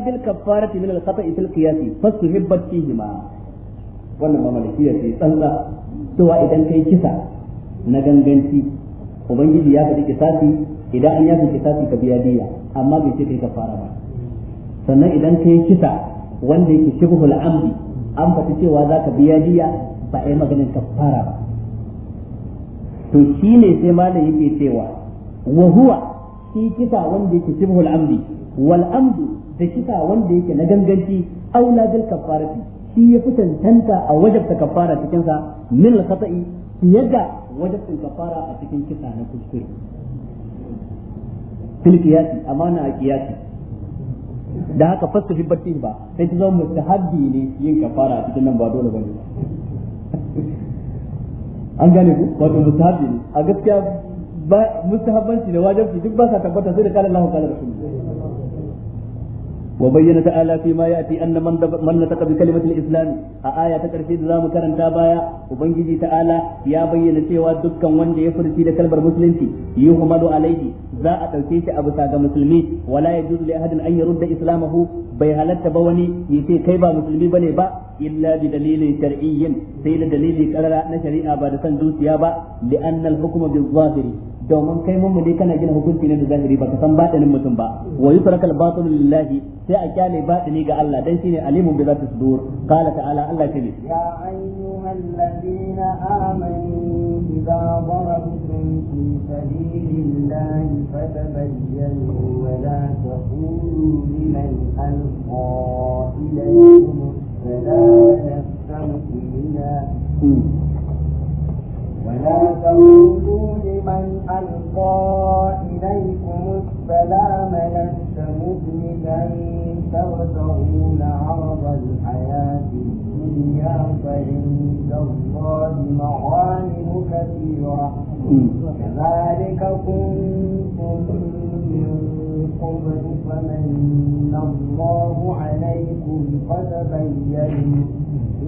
wannan ma ce tsantsa cewa idan kai kisa na ganganci ubangiji ya faɗi kisasi idan an yafi kisasi ka biya diya amma bai ce kai ka fara ba sannan idan kai kisa wanda yake shibhul amdi an faɗi cewa za ka biya diya ba a yi maganin fara ba to shi ne sai malam yake cewa wa huwa shi kisa wanda yake shibhul amdi wal amdu da kisa wanda yake na ganganci aula bil kafarati shi ya fi tantanta a wajabta kafara cikin sa min al khata'i yadda. wajibin kafara a cikin kisa na kuskure fil qiyasi amana a qiyasi da haka fasta fi batti ba sai ta zama mustahabbi ne yin kafara a cikin nan ba dole bane an gane ku wato mustahabbi ne a gaskiya ba mustahabbanci ne wajibi duk ba sa tabbata sai da kallon Allah kallon Rasulullah وبين تعالى فيما ياتي ان من من نطق بكلمه الاسلام ايه تكرفي da zamu karanta baya ubangiji ta'ala ya bayyana cewa dukkan wanda ya furci da kalmar musulunci yuhmadu alaihi za a ɗauke shi a bisa ga musulmi wala ya juzu li ahadin an yarudda islamahu bai halatta ba wani yace kai ba musulmi ba ne ba illa bi dalilin shar'iyyin sai da dalili karara na shari'a ba da san zuciya ba li anna al hukma bil zahiri domin kai mun ne kana gina hukunci ne da zahiri baka san batinin mutum ba wa yusrak al batil lillahi sai a kyale batini ga Allah dan shine alimun bi zati sudur qala ta'ala Allah kabi ya ayyuhal ladina amanu إذا ضربتم في سبيل الله فتبينوا ولا تقولوا لمن ألقى إليكم السلام لست ولا تقولوا لمن ألقى إليكم السلام لست مؤمنا تبتغون عرض الحياة الدنيا الدنيا فعند الله مغانم كثيرة كذلك كنتم من قبل فمن الله عليكم فتبينوا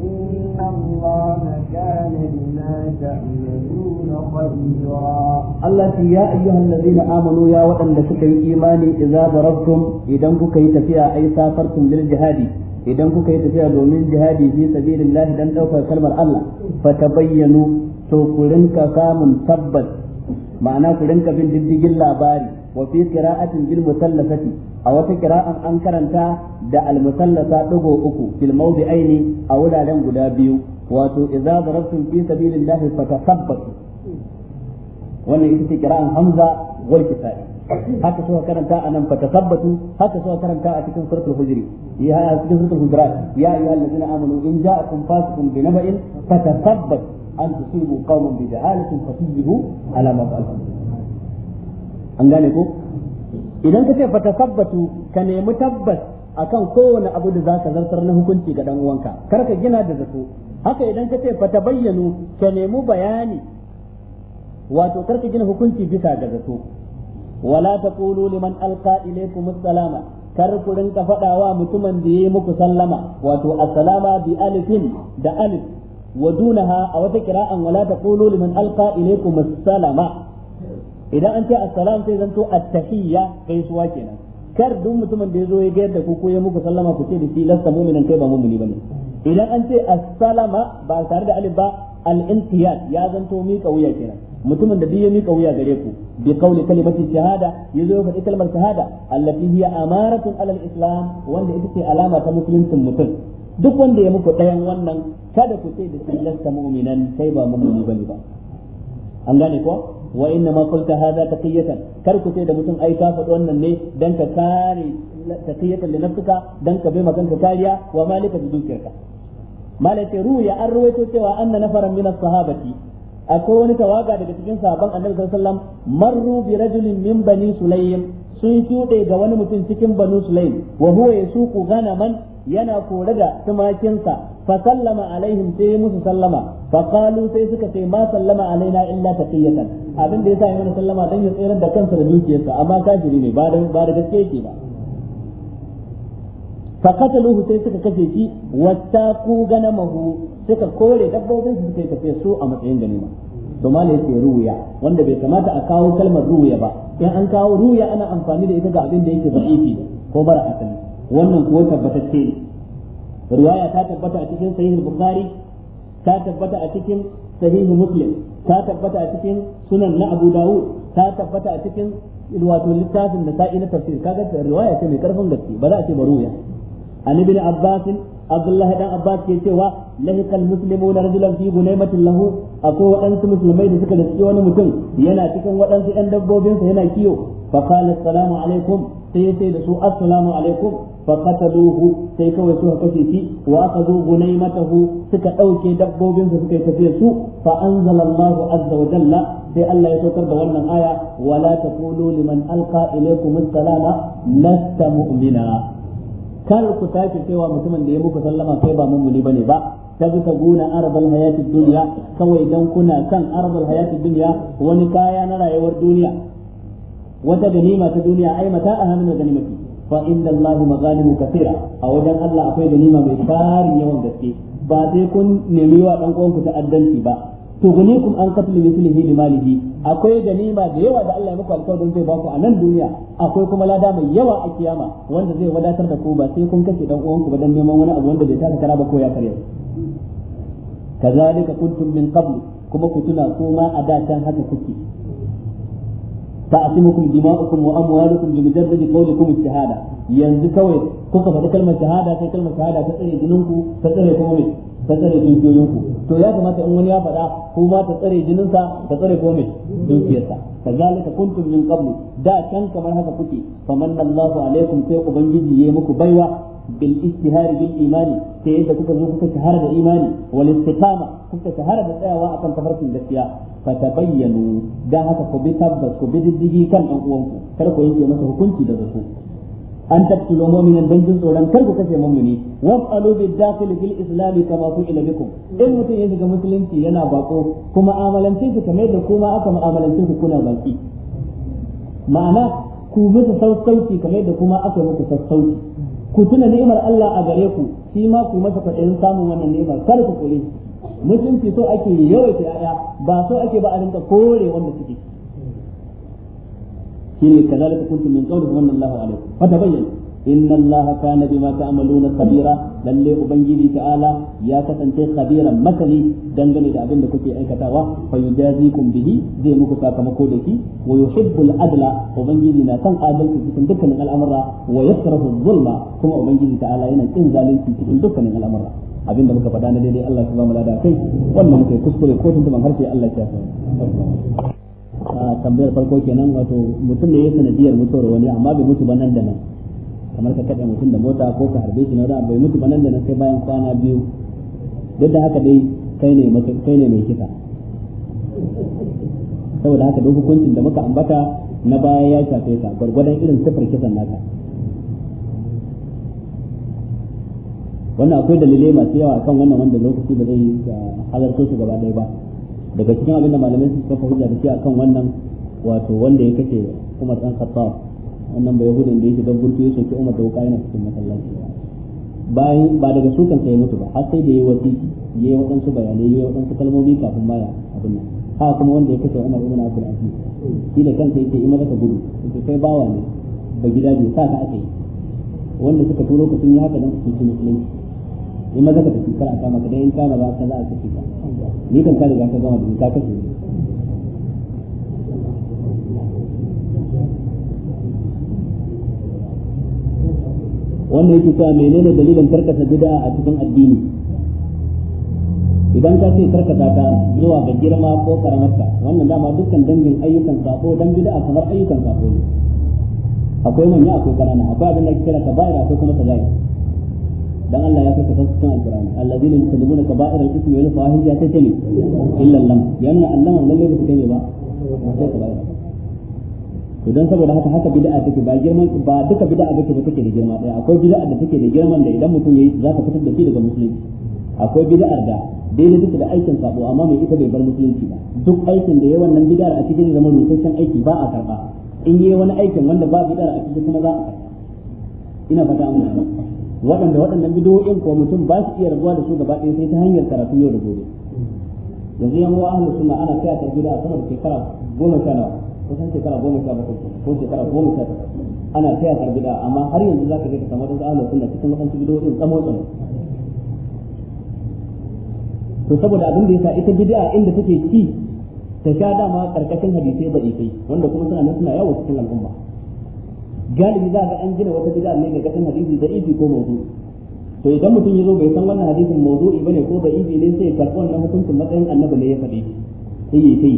إن الله كان بما تعملون خبيرا التي يا أيها الذين آمنوا يا وطن لسكي إيماني إذا ضربتم إذا كي تفيا أي سافرتم للجهاد idan kuka yi tafiya domin jihadi fi sabilillah dan daukar kalmar Allah fa tabayyanu to ku rinka samun tabbas ma'ana ku rinka bin diddigin labari wa fi qira'atin bil musallasati a wata qira'an an karanta da al musallasa dago uku fil mawdi'aini a wuraren guda biyu wato idza darabtum fi sabilillah fa tasabbatu wannan ita ce qira'an hamza wal kisa'i haka suka karanta a nan fata sabbatu haka suka karanta a cikin suratul hujri ya a cikin suratul hujurat ya ayyuhal ladina amanu in ja'akum fasiqun naba'in fatasabbat an tusibu qauman bi jahalatin fatujibu ala ma fa'altum an gane ko idan ka ce fatasabbatu ka nemi tabbas akan kowane abu da zaka zartar na hukunci ga dan uwanka kar ka gina da zato haka idan ka ce fatabayyanu ka nemi bayani wato kar ka gina hukunci bisa ga zato wala taqulu liman alqa ilaykum assalama kar ku rinka fadawa mutumin da yayi muku sallama wato assalama bi alifin da alif wa dunaha a wata qira'an wala taqulu liman alqa ilaykum assalama idan an ce assalam sai zanto attahiyya gaisuwa kenan kar duk mutumin da ya zo ya gayar da ku ko ya muku sallama ku ce da shi lasta mu'minan kai ba mu'mini bane idan an ce assalama ba tare da alif ba al-intiyad ya zanto mika wuya kenan mutumin da biyu ya mika wuya gare ku bi qawli kalimati shahada yazo ya faɗi kalmar shahada allati hiya amaratun alal islam wanda ita ce alama ta musuluncin mutum duk wanda ya muku ɗayan wannan kada ku ce da shi mu'minan kai ba mu'mini bane ba an gane ko wa inna ma qulta hadha taqiyatan kar ku ce da mutum ai ka faɗi wannan ne dan ka kare taqiyatan li nafsika dan ka bai maganka kariya wa malika bi dukirka malaka ruya an ruwaito cewa anna nafaran min as-sahabati akwai wani tawaga daga cikin sabon annabi sallallahu alaihi wasallam marru bi rajulin min bani sulaym sun shuɗe ga wani mutum cikin banu sulaym wa huwa yasuqu ganaman yana kore da tumakinsa fa sallama alaihim sai musu sallama fa qalu sai suka ce ma sallama alaina illa taqiyatan abin da yasa yana sallama dan ya tsere da kansa da dukiyarsa amma kafiri ne ba da ba da gaske yake ba luhu sai suka kashe shi wattaqu mahu suka kore dabbobin su suka tafi su a matsayin ganima to malai ce ruya wanda bai kamata a kawo kalmar ruya ba in an kawo ruya ana amfani da ita ga abin da yake da'ifi ko bara asali wannan kuwa tabbatacce ne riwaya ta tabbata a cikin sahih bukhari ta tabbata a cikin sahih muslim ta tabbata a cikin sunan na abu dawud ta tabbata a cikin wato littafin da sa'i na tafsir kaga riwaya ce mai karfin gaske ba za a ce ba ruya an ibn abbas abdullahi dan abbas ke cewa lahikal muslimuna rajulan fi gunaymatin lahu akwai waɗansu musulmai da suka dace wani mutum yana cikin waɗansu ɗan dabbobinsa yana kiyo fa qala assalamu alaikum sai yace da su assalamu alaikum fa qataluhu sai kawai suka kashe shi wa aka zo akhadhu gunaymatahu suka ɗauke dabbobinsa suka tafi su fa anzalallahu azza wa jalla sai Allah ya saukar da wannan aya wala taqulu liman alqa ilaykum assalama lasta mu'mina kar ku tashi cewa mutumin da ya muku sallama kai ba mummuni bane ba gona arabal hayatid duniya kawai dan kuna kan arabal hayatid duniya wani kaya na rayuwar duniya wata ganima ta duniya ai mata a hannun ganimati fa inda Allah maghanimu kathira a wajen Allah akwai ganima mai tarin yawan gaske ba sai kun nemi wa dan uwanku ta'addanci ba tughnikum an qatl mithlihi bi malihi akwai ganima da yawa da Allah ya muku alƙawarin zai ba ku a nan duniya akwai kuma lada mai yawa a kiyama wanda zai wadatar da ku ba sai kun kashe dan uwanku ba dan neman wani abu wanda bai taka kara ba ko ya karya kazalika kuntum min qabl kuma ku tuna kuma a da can haka kuke تعصمكم دماؤكم واموالكم بمجرد قولكم الشهاده yanzu kawai kuka faɗi kalmar shahada sai kalmar shahada ta tsare jininku ta tsare kuma mai ta tsare ku to ya kamata in wani ya faɗa ku ma ta tsare jininsa ta tsare ko mai dukiyarsa kazalika kuntum min qablu da can kamar haka kuke faman Allahu alaikum sai ubangiji yayi muku baiwa bil istihari bil imani sai yadda kuka zo kuka shahara da imani wal istiqama kuka shahara da tsayawa akan tafarkin gaskiya fa tabayyanu da haka ku bi tabbas ku bi diddigi kan dan uwanku kar ku yanke masa hukunci da zato an taqtulu mu'minan dan jin tsoron kar ku kashe mu'mini waf'alu bid-dakhil fil islam kama fu'ila bikum in mutum ya shiga musulunci yana bako kuma amalance shi kamar da kuma aka mu'amalance ku kuna baki ma'ana ku musu sassauci kamar da kuma aka muku sassauci ku tuna ni'imar Allah a gare ku shi ma ku masa kwaɗayin samun wannan ni'imar kar ku kore musulunci so ake yawaita yaya ba so ake ba a rinka kore wanda suke shine kadalika kuntum min qawli wa Allahu alaikum fa tabayyana inna Allah kana bima ta'maluna khabira lalle ubangiji ta'ala ya kasance khabiran masani dangane da abin da kuke aikatawa fa yujazikum bihi zai muku sakamako da ki wa yuhibbul adla ubangiji na san adalci cikin dukkanin al'amura wa yasrahu dhulma kuma ubangiji ta'ala yana kin zalunci cikin dukkanin al'amura abin da muka faɗa na daidai Allah ya ba mu kai wannan muka kuskure ko tuntuban harshe Allah ya kiyaye a tambayar farko kenan wato mutum ne ya sanadiyar mutuwar wani amma bai mutu ba nan da nan kamar ka kaɗa mutum da mota ko ka harbe shi na wani bai mutu ba nan da nan sai bayan kwana biyu duk da haka dai kai ne mai kisa saboda haka duk hukuncin da muka ambata na baya ya shafe ka gwargwadon irin sifar kisan naka wannan akwai dalilai masu yawa akan wannan wanda lokaci ba zai ah, halarto su gaba ɗaya ba daga cikin abin da malamai su kafa fahimta da shi akan wannan wato wanda ya kace Umar dan Khattab wannan bai yahudin da yake gurtu ya soki Umar da wuka yana cikin masallaci bayan ba daga sukan sai mutu ba har sai da yayi wasiki yayi wadansu bayanai yayi wadansu kalmomi kafin baya abin nan ha kuma wanda ya kace Umar ibn Abdul Aziz shi da kansa yake ima daga gudu yake kai bawa ne ba gida bai sa ka aka yi wanda suka turo ka sun yi haka dan su ci musulunci in maza ka tafi kar a kama ka dai in kana ba ka za a tafi ka ni kan ka riga ka gama da ka kashe wannan yake cewa menene dalilin karkata bid'a a cikin addini idan ka ce tarkata ta zuwa ga girma ko karamarta wannan dama dukkan dangin ayyukan sako dan bid'a kamar ayyukan sako ne akwai manya akwai kanana akwai abin da ake kira bayar akwai kuma sagair dan Allah ya saka cikin alqur'ani alladheena yusalluna kaba'ir al-ithmi wal fawahish ya kace ne illa lam yana Allah lalle ba su kai ba sai kaba'ir to dan saboda haka haka bid'a take ba girman ba duka bid'a bace ba take da girma daya akwai bid'a da take da girman da idan mutum yayi zaka fitar da shi daga musulunci akwai bid'ar da daidai duka da aikin sabo amma mai ita bai bar musulunci ba duk aikin da yayi wannan bid'ar a cikin zaman rusasshen aiki ba a karba in yayi wani aikin wanda ba bid'ar a cikin kuma za a karba ina fata an waɗanda waɗannan bidoyin ko mutum ba su iya rabuwa da su gaba ɗaya sai ta hanyar karatu yau da gobe yanzu yan uwa ahlus sunna ana kai ta gida a sama da shekara goma sha nawa kusan shekara goma sha bakwai ko shekara goma sha takwas ana kai ta gida amma har yanzu ka je ka samu wajen ahlus sunna cikin wadansu bidoyin tsamo tsamo to saboda abin da yasa ita bid'a inda take ci ta sha dama karkashin hadisai ba kai wanda kuma suna nan suna yawo cikin al'umma galibi za ga an gina wata bid'a ne ga kasan hadisi da ifi ko mawdu'i to idan mutum ya zo bai san wannan hadisin mawdu'i bane ko da ibi ne sai karɓi wannan hukuncin matsayin annabi ne ya faɗi sai yi kai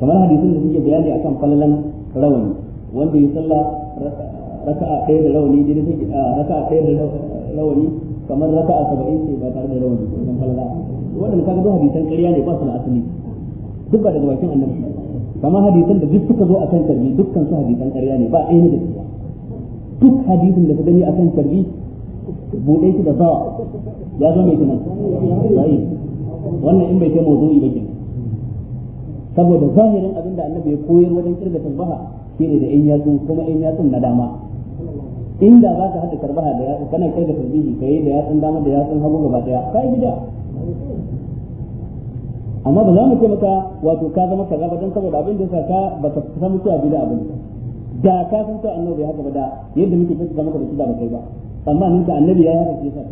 kamar hadisin da suke bayani akan falalan rawani wanda ya sallah raka'a ɗaya da rawani dai sai raka'a ɗaya da rawani kamar raka'a 70 sai ba tare da rawani wannan falala wannan kaga duk hadisan ƙarya ne ba su da asali duk ba daga bakin annabi kamar hadisan da duk suka zo akan karbi dukkan su hadisan ƙarya ne ba ɗaya da cewa duk hadisin da su gani akan karbi buɗe shi da zawa ya zo mai kenan sai wannan in bai kai mawdu'i ba kenan saboda zahirin abin da annabi ya koyar wajen kirga tarbaha shine da in yatsun kuma in yatsun na dama inda ba ka haɗa karbaha da yatsun kana da tarbihi kai da yatsun dama da yatsun hagu gaba daya kai gida amma ba za mu ce maka wato ka zama kaza ba dan saboda abin da yasa ka ba ka san cewa da abin da ka san cewa annabi haka ba da yadda muke fita maka da shi da ba kai ba amma nan ka annabi ya haka shi yasa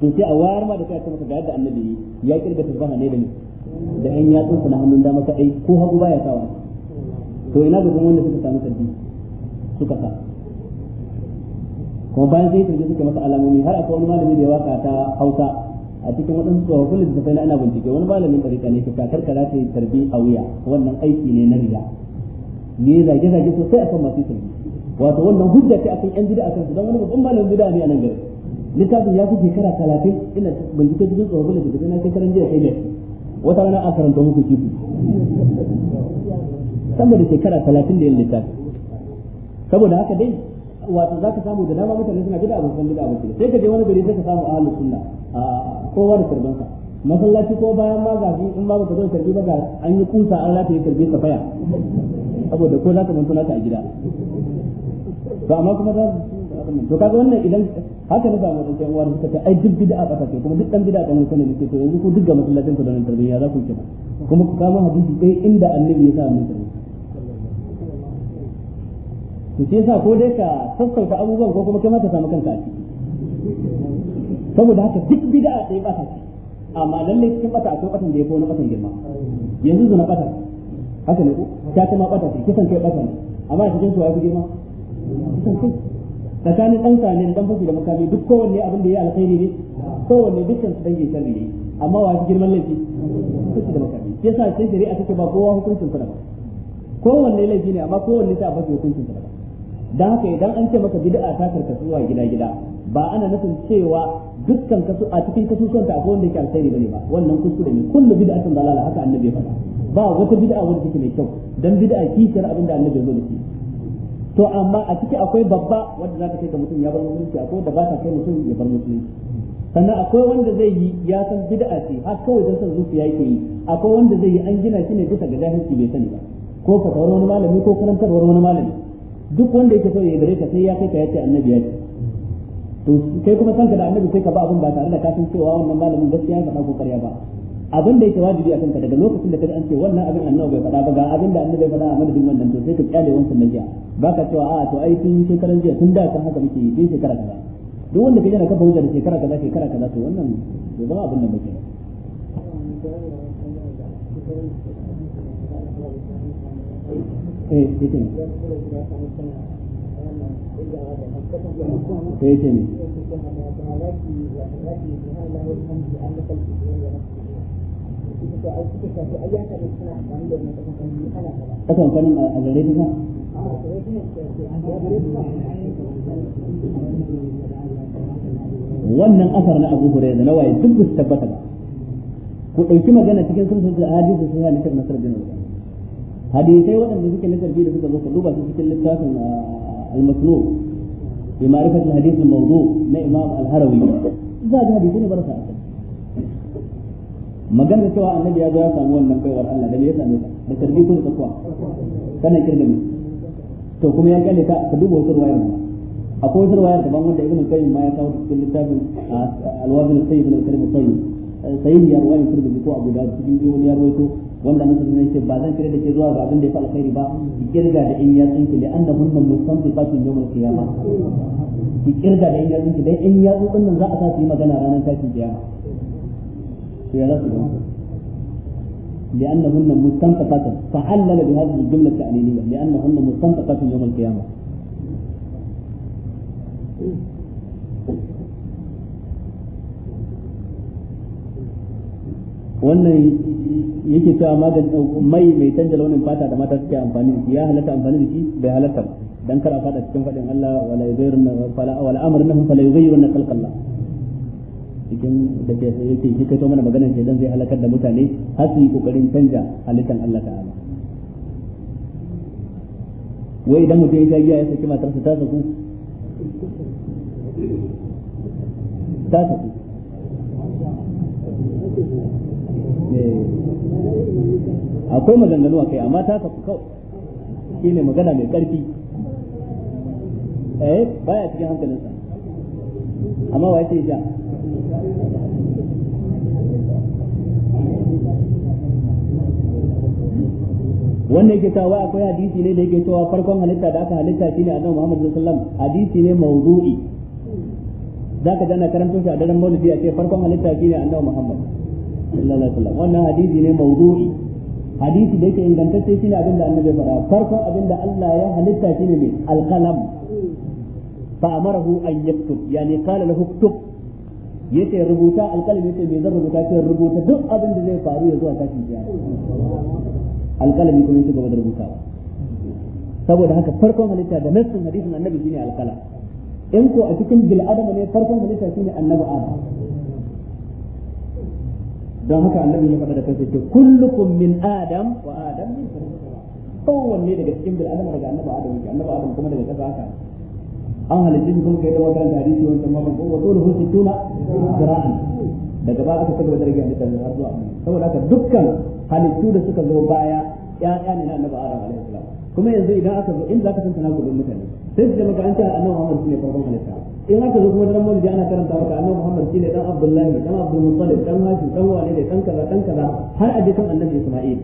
to sai a wayar ma da kai kuma ga yadda annabi ya kirga tasbaha ne da ni da an ya tsunta na hannun dama ka ai ko hagu baya sawa to ina ga kuma wanda suka samu sabbi suka sa kuma bayan sai turje suka masa alamomi har akwai wani malami da ya waka ta Hausa a cikin waɗansu tsofaffin littattafai na ana bincike wani malamin ɗarika ne ka karkara ta yi tarbi a wuya wannan aiki ne na riya ne zage-zage sai a kan masu tarbi wato wannan hujja ce akan yan bid'a kansu don wani babban malamin bid'a ne a nan gari littafin ya fi shekara talatin ina bincike cikin da littattafai na shekaran jiya kai da wata rana a karanta muku kifi sama da shekara talatin da yin littafi saboda haka dai wato ka samu da dama mutane suna gida abokan gida abokan sai ka je wani gari sai ka samu ahlus sunna kowa da karban masallaci ko bayan ma shi in ba ka zo karbi ba ga an yi kusa an rataye karbi ka faya saboda ko ka manto naka a gida to amma kuma za to kaga wannan idan haka na samu dan uwa suka ce ai duk bid'a ba ce kuma duk dan bid'a kan sunan ne to yanzu ko duk ga masallacin ku da nan tarbiyya za ku kira kuma ku kama hadisi sai inda annabi ya sa annabi to shi yasa ko dai ka sassauta abubuwan ko kuma kai ma ka samu kanka a ciki saboda haka duk bid'a sai bata ce amma lalle cikin bata akwai batan da yafi wani batan girma yanzu zuna bata haka ne ko ta kuma bata ce kisan kai bata ne amma cikin su yafi girma kisan kai tsakanin dan sani da dan fashi da makami duk kowanne abin da ya alkhairi ne kowanne dukkan su dangin sharri ne amma wa yafi girman laifi fashi da makami yasa sai shari'a take ba kowa hukuncin sa ba kowanne laifi ne amma kowanne ta a hukuncin sa ba da haka idan an ce maka bid'a ta karkasu wa gida gida ba ana nufin cewa dukkan kasu a cikin son ta akwai wanda yake alkhairi bane ba wannan kuskure ne kullu bid'atin dalala haka annabi ya faɗa ba wata bid'a wanda take mai kyau dan bid'a kishiyar abin da annabi ya zo da shi to amma a ciki akwai babba wanda zaka kai ga mutum ya bar musulunci akwai wanda ba ta kai mutum ya bar musulunci sannan akwai wanda zai yi ya san bid'a ce har kawai dan san zuciya yake yi akwai wanda zai yi an gina shi ne bisa ga jahilci bai sani ba ko fatawar wani malami ko karantarwar wani malami duk wanda yake so ya gare ka sai ya kai ka yace annabi ya ce to kai kuma ka da annabi sai ka ba abin ba tare da ka san cewa wannan malamin gaskiya ya faɗa ko ƙarya ba abin da yake wajibi a kanka daga lokacin da kaji an ce wannan abin annabi bai faɗa ba ga abin da annabi bai faɗa a madadin wannan to sai ka kyale wancan na jiya ba ka cewa a'a to ai tun shekaran jiya tun da kan haka muke yi tun shekara kaza duk wanda kaje yana kafa hujja da shekara kaza shekara kaza to wannan bai zama abin da muke eh sai ce ne kasan kanin wannan asar na abu hurairah na waye duk su tabbata ba ku ɗauki magana cikin sun da hadisi sun yana nishar nasar bin wuta hadisai waɗanda suke na karbi da suka zo ka duba su cikin littafin ah, al-masnu بمعرفة الحديث الموضوع لإمام الهروي زاد حديث ne barasa akai maganar cewa annabi ya zo ya samu wannan baiwar Allah da me ya same ta da tarbi ko da takwa kana kirga ne to kuma ya kalle ta ka duba wutar wayar akwai wutar wayar daban wanda ibnu qayyim ma ya kawo cikin littafin sayyid ya ruwa in turbi ko abu da cikin biyu wani ya ruwaito wanda nan sun ce ba zan kira da ke zuwa ga abin da ya fa alkhairi ba ki kirga da in ya tsinki da an da hunna musamfiqatin yawmal qiyamah ki kirga da in ya tsinki da in ya tsinki nan za a sa su yi magana ranar tashin kiyama to ya zasu لأنهن مستنطقات فعلل بهذه الجملة التعليلية لأنهن مستنطقات يوم القيامة wannan yake cewa magani mai mai canja launin fata da mata suke amfani da shi ya halatta amfani da shi bai halatta dan kar a fada cikin fadin Allah wala yughayyirun fala wala amrunhum fala yughayyirun khalqallah cikin da ke sai yake kike to mana magana ce dan zai halakar da mutane har su yi kokarin canja halittan Allah ta'ala wai idan mutum ya giya ya saki matarsa ta saku ta saku akwai maganganu a kai amma ta ka kawai shi ne magana mai ƙarfi eh baya cikin hankalinsa amma wa yake ja wannan yake cewa akwai hadisi ne da yake cewa farkon halitta da aka halitta shine annabi Muhammad sallallahu alaihi wasallam hadisi ne mawdu'i zaka dana karanto shi a daren Maulidi a ce farkon halitta shine annabi Muhammad sallallahu alaihi wannan hadisi ne mawdu'i hadisi da yake ingantacce shine abin da annabi faɗa farkon abin da Allah ya halitta shine ne alqalam fa amarahu an yaktub yani qala lahu uktub yace rubuta alqalam yace me zan rubuta ce rubuta duk abin da zai faru ya zuwa tashin kiyama alqalami kuma yace gaba da rubuta saboda haka farkon halitta da nassin hadisin annabi shine alqalam in ko a cikin bil adam ne farkon halitta shine annabi adam don muka annabi ya faɗa da kansa ce kullukum min adam wa adam kowanne daga cikin bil adam daga annabi adam ke annabi adam kuma daga kasa haka an halitta shi kuma kai da wannan hadisi wannan ma ko dole tulu tuna qira'an daga ba aka kaddara rage halitta da har zuwa saboda haka dukkan halittu da suka zo baya ya ne na annabi adam alaihi kuma yanzu idan aka zo inda aka san tana gudun mutane sai su jama'a an ce annabi Muhammad shine farkon halitta in aka zo kuma daren maulidi ana karanta wa annabi Muhammad shine dan Abdullahi dan Abdul Muttalib dan Hashim dan Wali dan kaza dan kaza har a je kan annabi Isma'il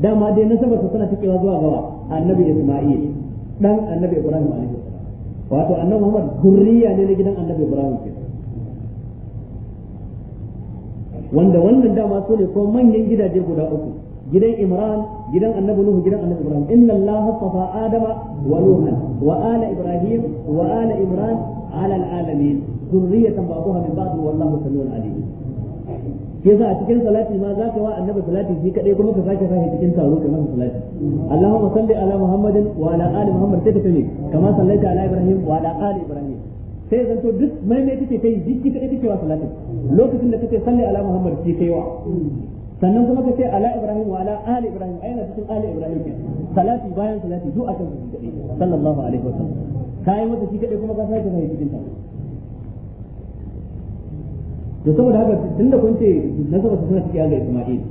dama dai nasabar tana cikewa zuwa gawa annabi Isma'il dan annabi Ibrahim alaihi salam wato annabi Muhammad zurriya ne na gidan annabi Ibrahim kenan wanda wannan dama so ne ko manyan gidaje guda uku gidan imran gidan annabi nuhu gidan annabi ibrahim inna allaha safa adama wa nuha wa ala ibrahim wa ala imran ala alalamin zurriyatan ba'daha min ba'd wallahu samiun alim yasa a cikin salati ma za ka wa annabi salati shi kadai kuma ka sake sashi cikin taro ka masa salati Allahumma salli ala Muhammadin wa ala ali Muhammad sai ka tuni kama sallaita ala Ibrahim wa ala ali Ibrahim sai zan to duk mai mai kake kai duk kike kake wa salati lokacin da kake salli ala Muhammad shi kai wa sannan kuma ka ce ala ibrahim wa ala ali ibrahim aina cikin ali ibrahim ke salati bayan salati zuwa kan shi kadai sallallahu alaihi wasallam kai mata shi kadai kuma ka sake kai cikin ta to saboda haka tunda kun ce nasaba ta sanar cikin Allah Isma'il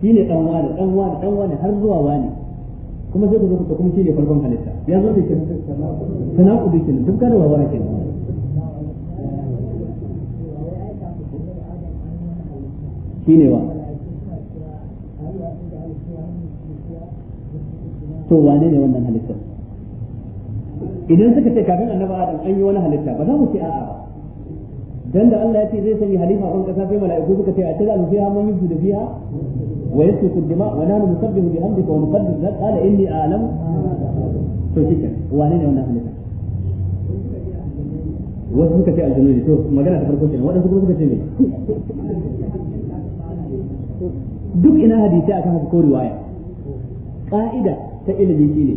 shine dan wani dan wani dan wani har zuwa wani kuma sai ku zo ku kuma shine farkon halitta ya zo da shi sanaku da shi duk kana wa wani kenan shine wa to wane ne wannan halittar idan suka ce kafin annabi adam an yi wani halitta ba za mu ce a'a ba dan da Allah ya ce zai sanya halifa ban kasa sai mala'iku suka ce a mu fiha man fiha wa wa wa lak qala inni to kike wane ne wannan halitta wasu suka ce aljanu to magana ta farko kenan wadansu kuma suka ce me duk ina hadisi akan haka ko riwaya ka'ida ta ilimi shine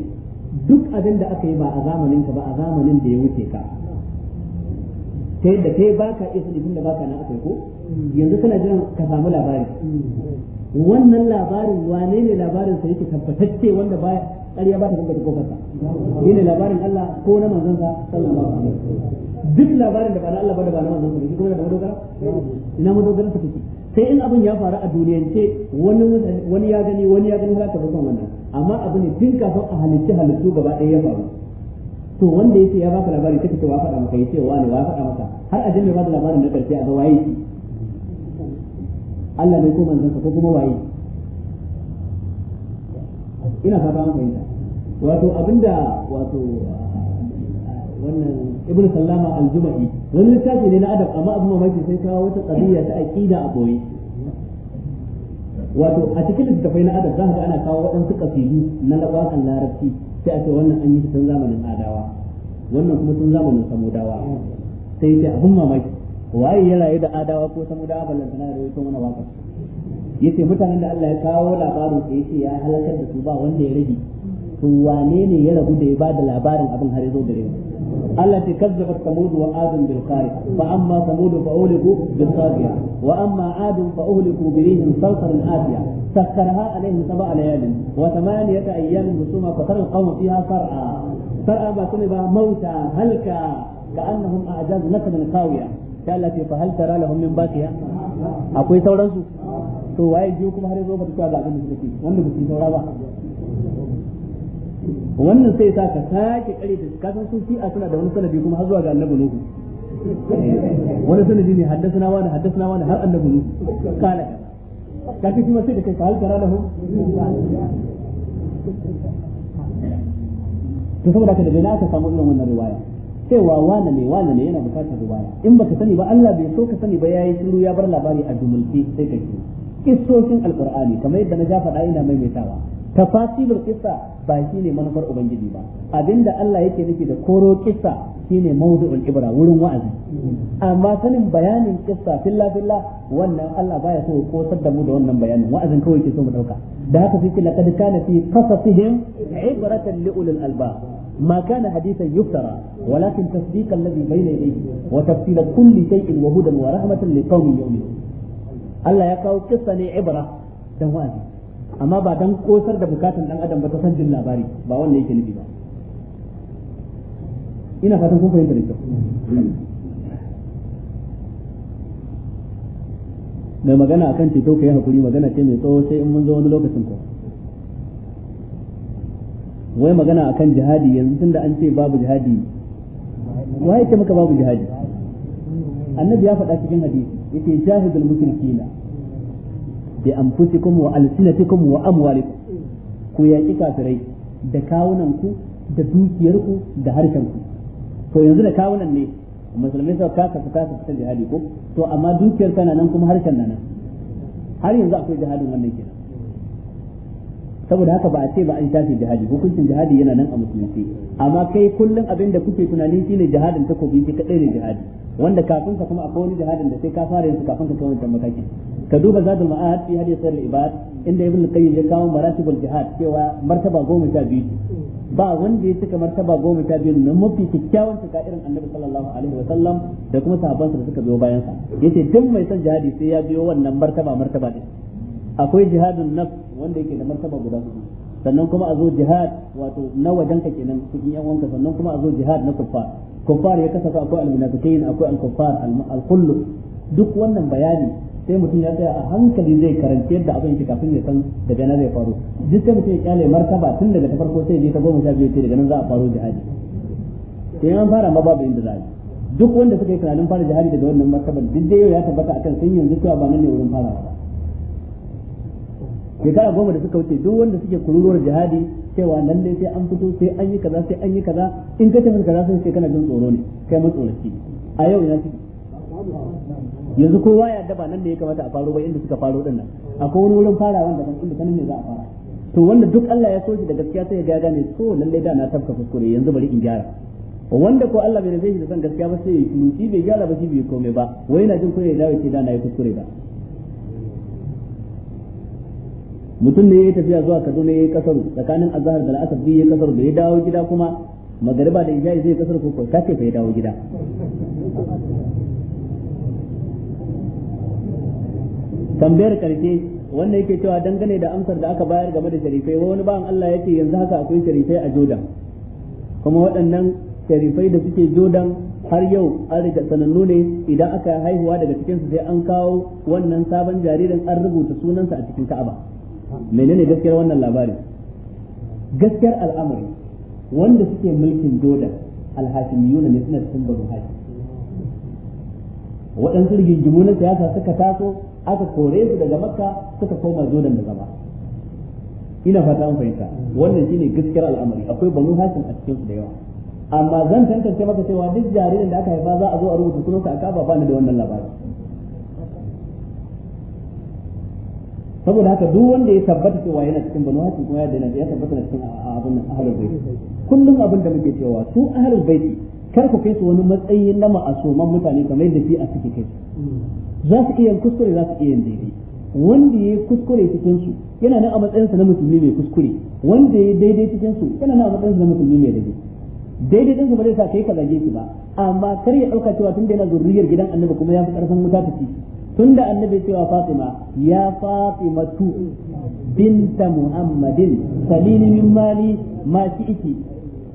duk abin da aka yi ba a zamanin ka ba a zamanin da ya wuce ka ta yadda kai baka iya da ba baka na aka yi ko yanzu kana jiran ka samu labari wannan labarin wane ne labarin sa yake tabbatacce wanda ba ƙarya ba ta tabbata ko kansa ne labarin Allah ko na manzon sa sallallahu alaihi wasallam duk labarin da ba na Allah ba da ba na manzon sa shi kuma da madogara ina madogara ta take sai in abin ya faru a duniyance wani wani ya gani wani ya gani har ta san wannan amma abu ne tun kafin a halitta halittu gaba ɗaya ya faru to wanda yake ya baka labari take cewa faɗa maka yace wa ne wa faɗa maka har a jinne ba da labarin na karshe a ga waye Allah ne ko manzon ko kuma waye ina fata an fahimta wato abinda wato wannan ibnu sallama al wani littafi ne na adab amma abin mamaki sai kawo wata qadiyya ta aqida a boye wato a cikin littafai na adab zaka ga ana kawo waɗansu kasidu na labakan larabci sai a ce wannan an yi tun zamanin adawa wannan kuma tun zamanin samudawa sai sai abin mamaki waye ya rayu da adawa ko samudawa ballantana da rayu mana waka yace mutanen da Allah ya kawo labarin sai yace ya halakar da su ba wanda ya rage to wane ne ya rabu da ya bada labarin abin har ya zo gare mu التي كذبت ثمود وعاد بالقارعة فأما ثمود فأهلكوا بالطاغية وأما عاد فأهلكوا بريح صرصر آتية سكرها عليهم سبع ليال وثمانية أيام حسوما فترى القوم فيها صرعى صرعى ما سلب موتى هلكا كأنهم أعجاز نخل خاوية التي فهل ترى لهم من باقية أقول سورانسو to waye jiyo kuma har yanzu ba ta ga abin da suke wanda ba su saura ba wannan sai sa ka sake kare ta ka san su shi'a suna da wani sanadi kuma har zuwa ga annabi nuhu wani sanadi ne haddasana wani na wani har annabi nuhu kala ka fi kuma sai da kai ka halkara hu to saboda ka daga aka samu irin wannan riwaya cewa wana ne wana ne yana bukatar riwaya in baka sani ba Allah bai so ka sani ba yayi shiru ya bar labari a jumulce sai ka ki kissocin alqur'ani kamar yadda na ja faɗa ina maimaitawa tafasilul qissa ba shine manufar ubangiji ba abinda Allah yake nufi da koro qissa shine mawdu'ul ibra wurin wa'azi amma sanin bayanin qissa filla filla wannan Allah baya so kosar da mu da wannan bayanin wa'azin kawai ke so mu dauka da haka sai laqad kana fi qasasihim ibratan li ulil albab ما كان حديثا يفترى ولكن تصديق الذي بين يديه وتفصيل كل شيء وهدى ورحمة لقوم يؤمنون الله يكاو قصة عبرة دوازي amma ba dan kosar da bukatun dan adam ba ta san jin labari ba wanda yake nufi ba ina fatan kun fahimta da kyau mai magana akan ceto kai hakuri magana ce mai tsawo sai in mun zo wani lokacin ko wai magana akan jihadi yanzu tunda an ce babu jihadi wai ce maka babu jihadi annabi ya faɗa cikin hadisi yake jahidul mushrikina bi anfusikum wa alsinatikum wa amwalikum ku yaki kafirai da kawunan ku da dukiyar ku da harshen ku to yanzu da kawunan ne musulmai sau ka su kasa fita jihadi ko to amma dukiyar kana nan kuma harshen nan har yanzu akwai jihadin wannan kenan saboda haka ba a ce ba an tashi jihadi hukuncin jihadi yana nan a musulunci amma kai kullum abin da kuke tunani shine jihadin takobi ce kadai ne jihadi wanda kafin ka kuma akwai wani jihadin da sai ka fara yanzu kafin ka kai wannan matakin ka duba zadul ma'ad fi hadith sirr ibad inda ibn qayyim ya kawo maratibul jihad cewa martaba goma sha biyu ba wanda ya cika martaba goma sha biyu na mafi kyakkyawan ka irin annabi sallallahu alaihi wa sallam da kuma sahabbansa da suka biyo bayan sa yace duk mai son jihadi sai ya biyo wannan martaba martaba din akwai jihadun nafs wanda yake da martaba guda hudu sannan kuma a zo jihad wato na wajen ka kenan cikin yan wanka sannan kuma a zo jihad na kuffar kuffar ya kasafa akwai almunafiqin akwai al-kuffar al-kullu duk wannan bayani sai mutum ya tsaya a hankali zai karanci yadda abin yake kafin ya san daga nan zai faru duk sai mutum ya kyale martaba tun daga ta farko sai je ta goma sha biyu sai daga nan za a faru jihadi sai an fara ma babu inda za a duk wanda suka yi tunanin fara jihadi daga wannan martaban duk dai ya tabbata akan sun yanzu cewa ba nan ne wurin farawa ba shekara goma da suka wuce duk wanda suke kururuwar jihadi cewa nan ne sai an fito sai an yi kaza sai an yi kaza in ka tafi kaza sai kana jin tsoro ne kai matsoraci a yau ina ciki yanzu kowa ya daba nan ne ya kamata a faro bai inda suka faro din nan akwai wani wurin fara wanda ban inda kanin ne za a fara to wanda duk Allah ya so shi da gaskiya sai ya gane nan lalle da na tafka kuskure yanzu bari in gyara wanda ko Allah bai rufe shi da san gaskiya ba sai ya yi shi bai gyara ba shi bai komai ba wai na jin kunya ya dawo ce da na yi kuskure ba mutum ne ya yi tafiya zuwa kaduna ya yi kasaru tsakanin azahar da la'asar biyu ya yi da ya dawo gida kuma magariba da isha'i zai kasar ko kai kake fa ya dawo gida tambayar karshe wanda yake cewa dangane da amsar da aka bayar game da sharifai wani ba'an Allah ya ce yanzu haka akwai sharifai a jodan kuma waɗannan sharifai da suke jodan har yau an riga sanannu ne idan aka haihuwa daga cikinsu sai an kawo wannan sabon jaririn an rubuta sunansa a cikin ka'aba menene gaskiyar wannan labari gaskiyar al'amari wanda suke mulkin jodan alhashimiyuna ne suna cikin banu haji waɗansu rigingimu na siyasa suka taso aka kore su daga makka suka koma jodan da zama ina fata an fahimta wannan shine gaskiyar al'amari akwai banu hashim a cikin su da yawa amma zan tantance maka cewa duk jaririn da aka haifa za a zo a rubuta sunansa a kaba ba ni da wannan labarin. saboda haka duk wanda ya tabbata cewa yana cikin banu hasim kuma ya daina ya tabbata na cikin ah, abin nan ahlul bait kullum abin da muke cewa su ahlul bait kar ku kai su wani matsayi na ma'asuman mutane kamar yadda fi a cikin kai za su iya kuskure za su iya yin daidai wanda ya kuskure cikin su yana nan a matsayinsa na musulmi mai kuskure wanda ya daidai cikin su yana nan a matsayinsa na musulmi mai daidai daidai din su ba zai sa kai ka zage shi ba amma kar ya dauka cewa tun da yana zurriyar gidan annabi kuma ya fi karfin mutatafi tunda annabi cewa fatima ya fatima tu binta muhammadin salini min mali ma shi'ti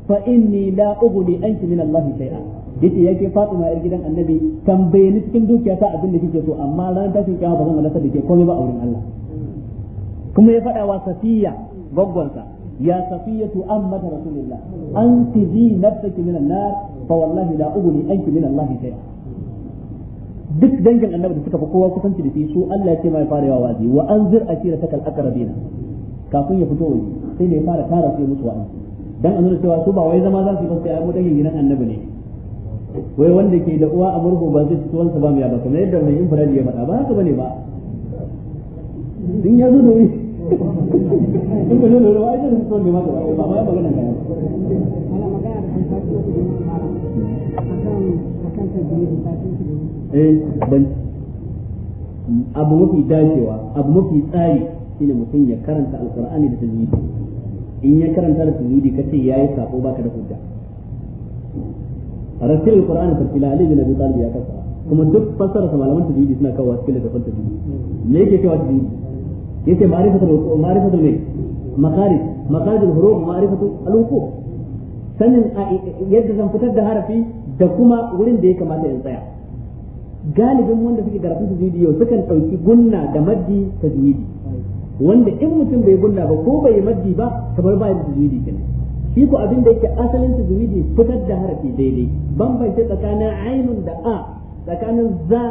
fa inni la ughni anki min allah shay'a yace yake fatima yar gidan annabi tambaye ni cikin dukiya ta abin da kike so amma ran ta kiyama ba zan wadata da ke komai ba a wurin allah kuma ya faɗa wa safiya gwaggwansa يا صفية أمة رسول الله أنقذي نفسك من النار فوالله لا أغني أنت من الله شيئا duk dangin annabi da suka fi kowa kusanci da shi su Allah ya ce mai fara yawa wazi wa anzir asira takal aqrabina kafin ya fito waje sai ne fara tara sai musu wa'azi dan annabi cewa su ba wai zama za su ba sai mu dangin gidan annabi ne wai wanda ke da uwa a murhu ba zai ci wansa ba mai ba kamar yadda mai infiradi ya faɗa ba haka bane ba din ya zo da [laughs] wuri in ba zo da wuri ai da su ne ma ba ba magana ga eh ban abu mafi dacewa abu mafi tsari shine mutum ya karanta alqur'ani da tajwidi in ya karanta da tajwidi kace yayi sako baka da hujja rasul alqur'ani tartila ali bin abi talib ya kasa kuma duk fasara sa malaman tajwidi suna kawo cikin da fasara tajwidi me yake cewa tajwidi yake ma'rifatul ma'rifatul ne makarif makarif al-huruf ma'rifatul al-wuquf sanin yadda zan fitar da harafi da kuma wurin da ya kamata in tsaya galibin wanda suke karatun su yau sukan ɗauki gunna da maddi ta tajwidi wanda in mutum bai gunna ba ko bai maddi ba kamar ba da tajwidi kenan shi ko abin da yake asalin tajwidi fitar da harafi daidai bambance tsakanin ainun da a tsakanin za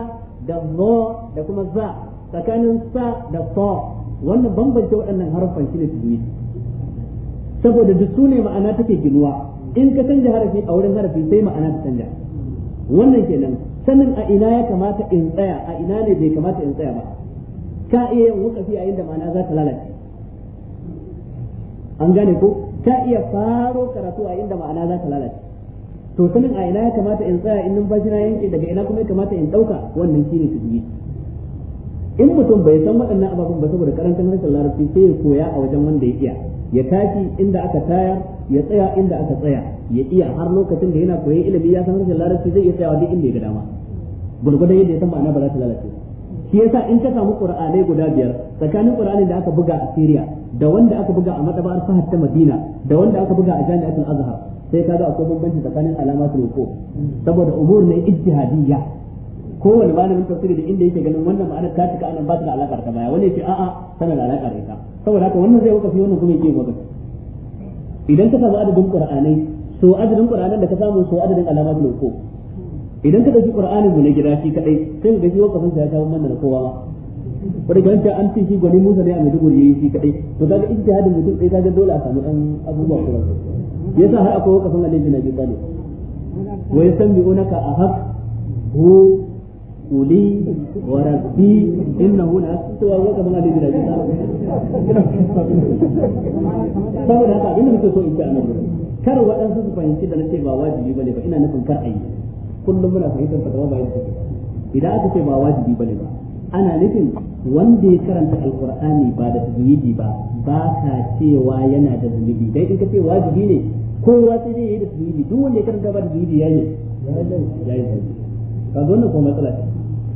da zo da kuma za tsakanin sa da fa wannan bambance waɗannan harafan shi ne tajwidi saboda duk su ne ma'ana take ginuwa in ka canja harafi a wurin harafi sai ma'ana ta canja wannan kenan sanin a ina ya kamata in tsaya a ina ne bai kamata in tsaya ba ka iya yin wakafi a inda ma'ana za ta lalace an gane ko ka iya faro karatu a inda ma'ana za ta lalace to sanin a ina ya kamata in tsaya in numfashi na yanke daga ina kuma ya kamata in ɗauka wannan shine tafiye in mutum bai san waɗannan ababen ba saboda karantar harshen larabci sai ya koya a wajen wanda ya iya ya tashi inda aka tayar ya tsaya inda aka tsaya ya iya har lokacin da yana koyi ilimi ya san harshen larabci zai iya tsayawa duk inda ya ga dama gurgurdan yadda ya san ma'ana ba za ta lalace shi yasa in ka samu qur'anai guda biyar tsakanin qur'anin da aka buga a Syria da wanda aka buga a madabar Fahad ta Madina da wanda aka buga a Jami'atul Azhar sai kaga akwai bambanci tsakanin sun ko saboda umur ne ijtihadiyya kowane min tafsiri da inda yake ganin wannan ma'ana ta cika anan ba ta da alaƙa da baya wani ce a'a tana da alaƙa da ita saboda haka wannan zai wakafi wannan kuma yake wakafi idan ka samu adadin qur'anai so adadin qur'anan da ka samu so adadin alamatul ko idan ka dauki qur'anin mu na gida shi kadai sai ka ji wakafin sa ya kawo mana da kowa wani ganin ta an ce shi gwani Musa ne a dubur yayi shi kadai to kaga hadin mutum sai kaga dole a samu dan abubuwa kuma yasa har akwai wakafin Ali bin Abi ba wa yasambi'unaka ahaq hu قولي innahu la tuwa سوى kamar da jira الجنة saboda haka abinda muke so in ji anan kar waɗansu su fahimci da nake ba wajibi bane ba ina nufin kar ayi kullum muna fahimtar fatawa ba yadda idan aka ce ba wajibi bane ba ana nufin wanda ya karanta alqur'ani ba da tajwidi ba ba ka cewa yana da zunubi dai in ka ce wajibi ne kowa sai dai yayi da tajwidi duk wanda ya karanta ba da tajwidi yayi yayi zo ne ko matsala ce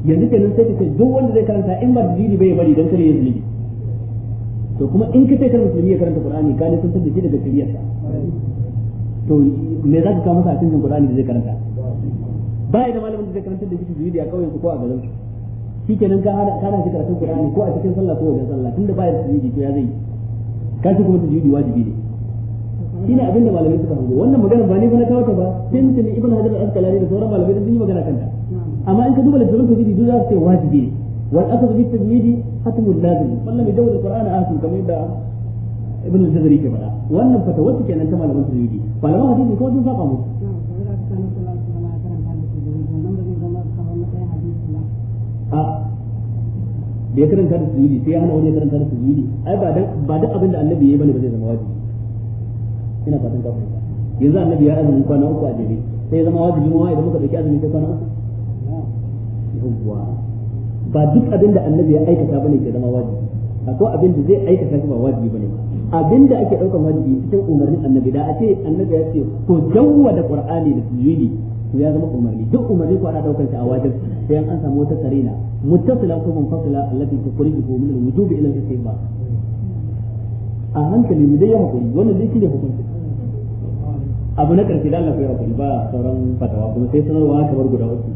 yanzu kenan sai ka ce duk wanda zai karanta in ba dalili bai bari dan kare ya to kuma in ka ce kan musulmi ya karanta qur'ani ka ne sun da shi daga sa to me za ka kawo masa a cikin qur'ani da zai karanta ba da malamin da zai karanta da shi zunubi a kauyen su ko a garin su shikenan ka hada kana shi karatu qur'ani ko a cikin sallah ko wajen sallah tunda ba da zunubi to ya zai ka shi kuma zunubi wajibi ne shine abinda malamai suka hango wannan magana ba ne ba na kawo ta ba tintin ibn hajar al-asqalani da sauran malamai sun yi magana ta amma in ka duba littafin tauhidi duk za su ce wajibi ne wal asr bi tajwidi hatmul lazim wallan yajawz alquran asim kamar da ibn al-jazari ke faɗa wannan fatawarsa kenan ta malaman tajwidi malaman hadisi ko sun saba mu a da ya karanta da tajwidi sai ya hana wani ya karanta da tajwidi ai ba dan ba duk abin da annabi yayi bane ba zai zama wajibi ina fatan ka fahimta yanzu annabi ya azumin kwana uku a jere sai ya zama wajibi ma idan muka dauki azumin kwana uku abubuwa ba duk abin da annabi ya aikata bane ke zama wajibi akwai abin da zai aikata shi ba wajibi bane abin da ake daukar wajibi cikin umarnin annabi da ake annabi ya ce ko jawwa da qur'ani da sujudi to ya zama umarni duk umarni ko ana daukar shi a wajibi sai an samu wata karina muttasila ko munfasila allati tukhrijuhu min al-wujubi ila al-istihba a hankali mu dai ya hakuri wannan dai shine hukunci abu na karshe da Allah ya hakuri ba sauran fatawa kuma sai sanarwa kamar guda uku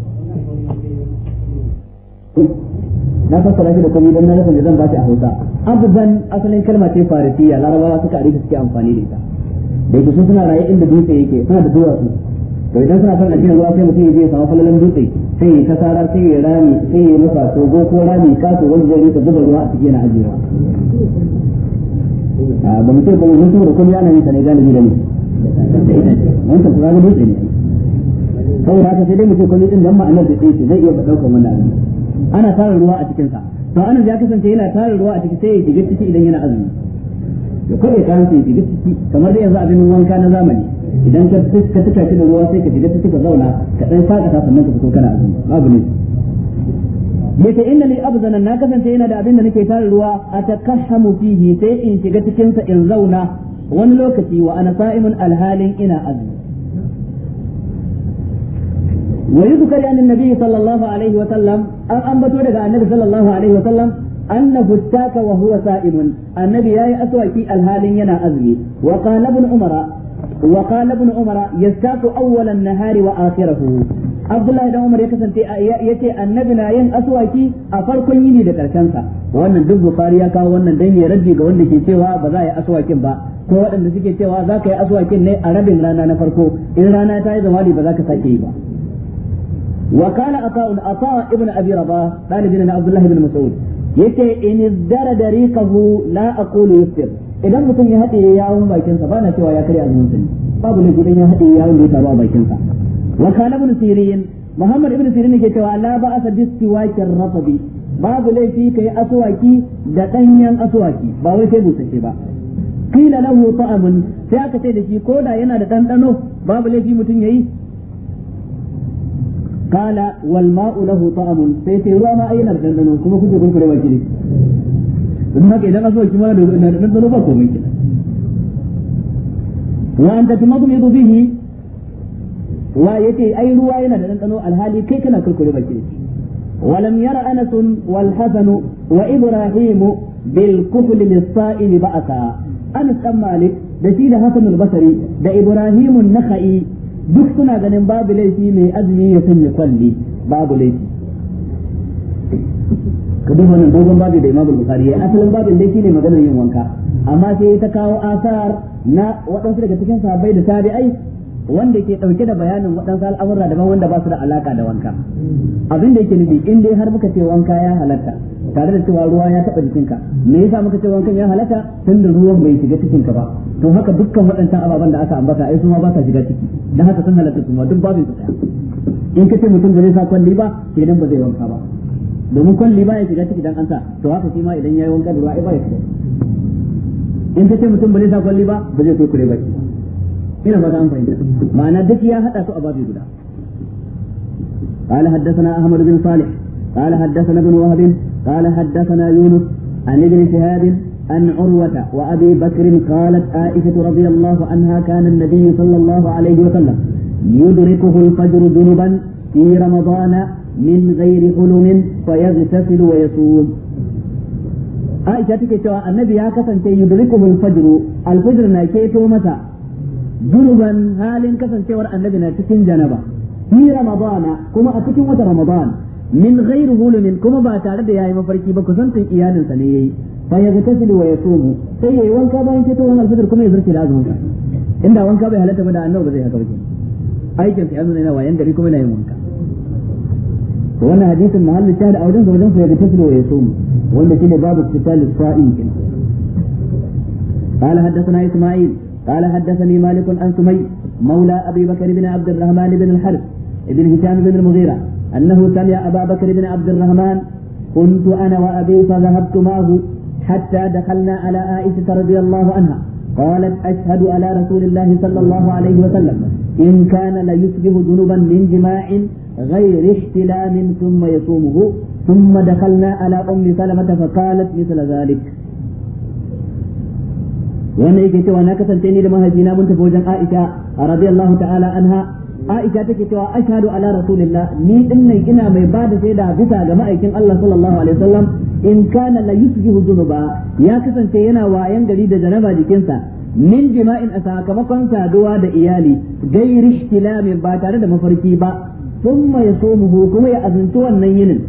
na fasa shi da komai don na rasa da zan ba shi a Hausa abban asalin kalma ce farisiya larabawa suka ari suke amfani da ita da yake sun suna raye inda dutse yake suna da duwatsu to idan suna son ajiyar ruwa sai mutum ya je ya samu falalan dutse sai ya kasara sai ya rami sai ya masa togo ko rami kaso wanda zai rika zuba ruwa a ciki yana ajiyarwa ah, ba ce mun tura komai ana yin ta ne galibi da ni wancan kuma dutse ne saboda haka sai dai mutum ce komai din da ma'anar da tsaye zai iya ba daukar mana abin ana tara ruwa a cikin sa to anan ya kasance yana tara ruwa a ciki sai ya shiga ciki idan yana azumi ya kore kayan sai ya shiga ciki kamar da yanzu abin wanka na zamani idan ka ka tuka shi da ruwa sai ka shiga ciki ka zauna ka dan faka ta sannan ka fito kana azumi babu ne yace inna li abzana na kasance yana da abin da nake tara ruwa atakashamu fihi sai in shiga cikin sa in zauna wani lokaci wa ana sa'imun alhalin ina azumi wani su kari annin sallallahu alaihi wa sallam an ambato daga annabi sallallahu alaihi wa sallam anna fustaka wa huwa sa'imun annabi yayi aswaki alhalin yana azmi wa umara wa qala ibn umara yastaku awwala an-nahari wa akhirahu abdullah ibn umar yace annabi na yin aswaki a farkon yini da karshen sa wannan duk bukhari ya kawo wannan dan ya rabbi ga wanda ke cewa ba za yi aswakin ba ko waɗanda suke cewa za ka yi aswakin ne a rabin rana na farko in rana ta yi zama ba za ka sake yi ba وقال عطاء عطاء ابن ابي رباح طالب عبد الله بن مسعود yace in izdara da rikahu la aqulu yusir idan mutum ya haɗe yawon bakin sa bana cewa ya karya azumin sani babu ne gudan ya haɗe yawon da ya taru a bakin sa wa kana ibn muhammad ibn sirin yake cewa la ba asa bistiwakir rafabi babu laifi kai aswaki da danyen aswaki ba wai sai busasshe ba qila lahu ta'amun sai aka ce da shi koda yana da dandano babu laifi mutum yayi قال والماء له طعم سيتي ruwa ma ayyana da dandano kuma kuke kurkure wa kire don haka idan aso ki da dandano ba komai kina wa anta tumadmidu bihi wa yace ai ruwa yana da dandano alhali kai kana kurkure ba kire ولم ير أنس والحسن وإبراهيم بالكفل للصائم بأسا أنس أم مالك da shi da Hassan al-Basri da Ibrahim an duk suna ganin babu laifi mai azumi ya sanya kwalli babu laifi ka duk nan dogon babu da imamul bukhari ya asalin babin dai shine maganar yin wanka amma sai ta kawo asar na waɗansu daga cikin sahabbai da tabi'ai wanda ke dauke da bayanin waɗansu al'amura daban wanda ba su da alaka da wanka abin da yake nufi in dai har muka ce wanka ya halatta tare da cewa ruwa ya taɓa jikinka me yasa muka ce wankan ya halatta tunda ruwan bai shiga cikinka ba to haka dukkan waɗancan ababen da aka ambata ai su ma ba sa shiga ciki dan haka sun halatta su ma duk babin su tsaya in ce mutum da zai sa kwalli ba kenan ba zai wanka ba domin kwalli ba ya shiga ciki dan an sa to haka shi ma idan yi wanka da ruwa ai ba ya shiga in ce mutum ba zai sa kwalli ba ba zai kokure ba ina ba fahimta ma'ana duk ya hada su a babu guda قال حدثنا احمد بن صالح قال حدثنا ابن وهب قال حدثنا يونس عن ابن شهاب عن عروة وأبي بكر قالت عائشة رضي الله عنها كان النبي صلى الله عليه وسلم يدركه الفجر ذنبا في رمضان من غير حلم فيغتسل ويصوم عائشة تكتب النبي يا كي يدركه الفجر الفجر ناكيتو مسا junuban halin kasancewar annabi na cikin janaba fi ramadana kuma a cikin wata ramadana min ghairu hulumin kuma ba tare da yayi mafarki ba kusantin iyalinsa ne yayi fa ya ga tasli wa yasumu sai yayi wanka bayan fitowar alfajir kuma ya zurce da azumin inda wanka bai halatta ba da annabi ba zai haka ba aikin sa yanzu yana wayan gari kuma yana yin wanka wannan hadisin mahallin shahid a wajen wajen fa ya ga tasli wa yasumu wanda shine babu tisali sa'in kin قال حدثنا اسماعيل قال حدثني مالك عن سمي مولى أبي بكر بن عبد الرحمن بن الحرب بن هشام بن المغيرة أنه سمع أبا بكر بن عبد الرحمن كنت أنا وأبي فذهبت معه حتى دخلنا على عائشة رضي الله عنها قالت أشهد على رسول الله صلى الله عليه وسلم إن كان ليصبح ذنوبا من جماع غير احتلام ثم يصومه ثم دخلنا على أم سلمة فقالت مثل ذلك wannan yake cewa na kasance ni da mahaifina mun tafi wajen Aisha radiyallahu ta'ala anha Aisha take cewa ashhadu ala rasulillah ni din nan ina mai ba da shaida bisa ga ma'aikin Allah sallallahu alaihi wasallam in kana la yusbihu dhunuba ya kasance yana wayan gari da janaba jikinsa min jima'in a sakamakon saduwa da iyali gairi ihtilamin ba tare da mafarki ba thumma yasumuhu kuma ya azuntu wannan yinin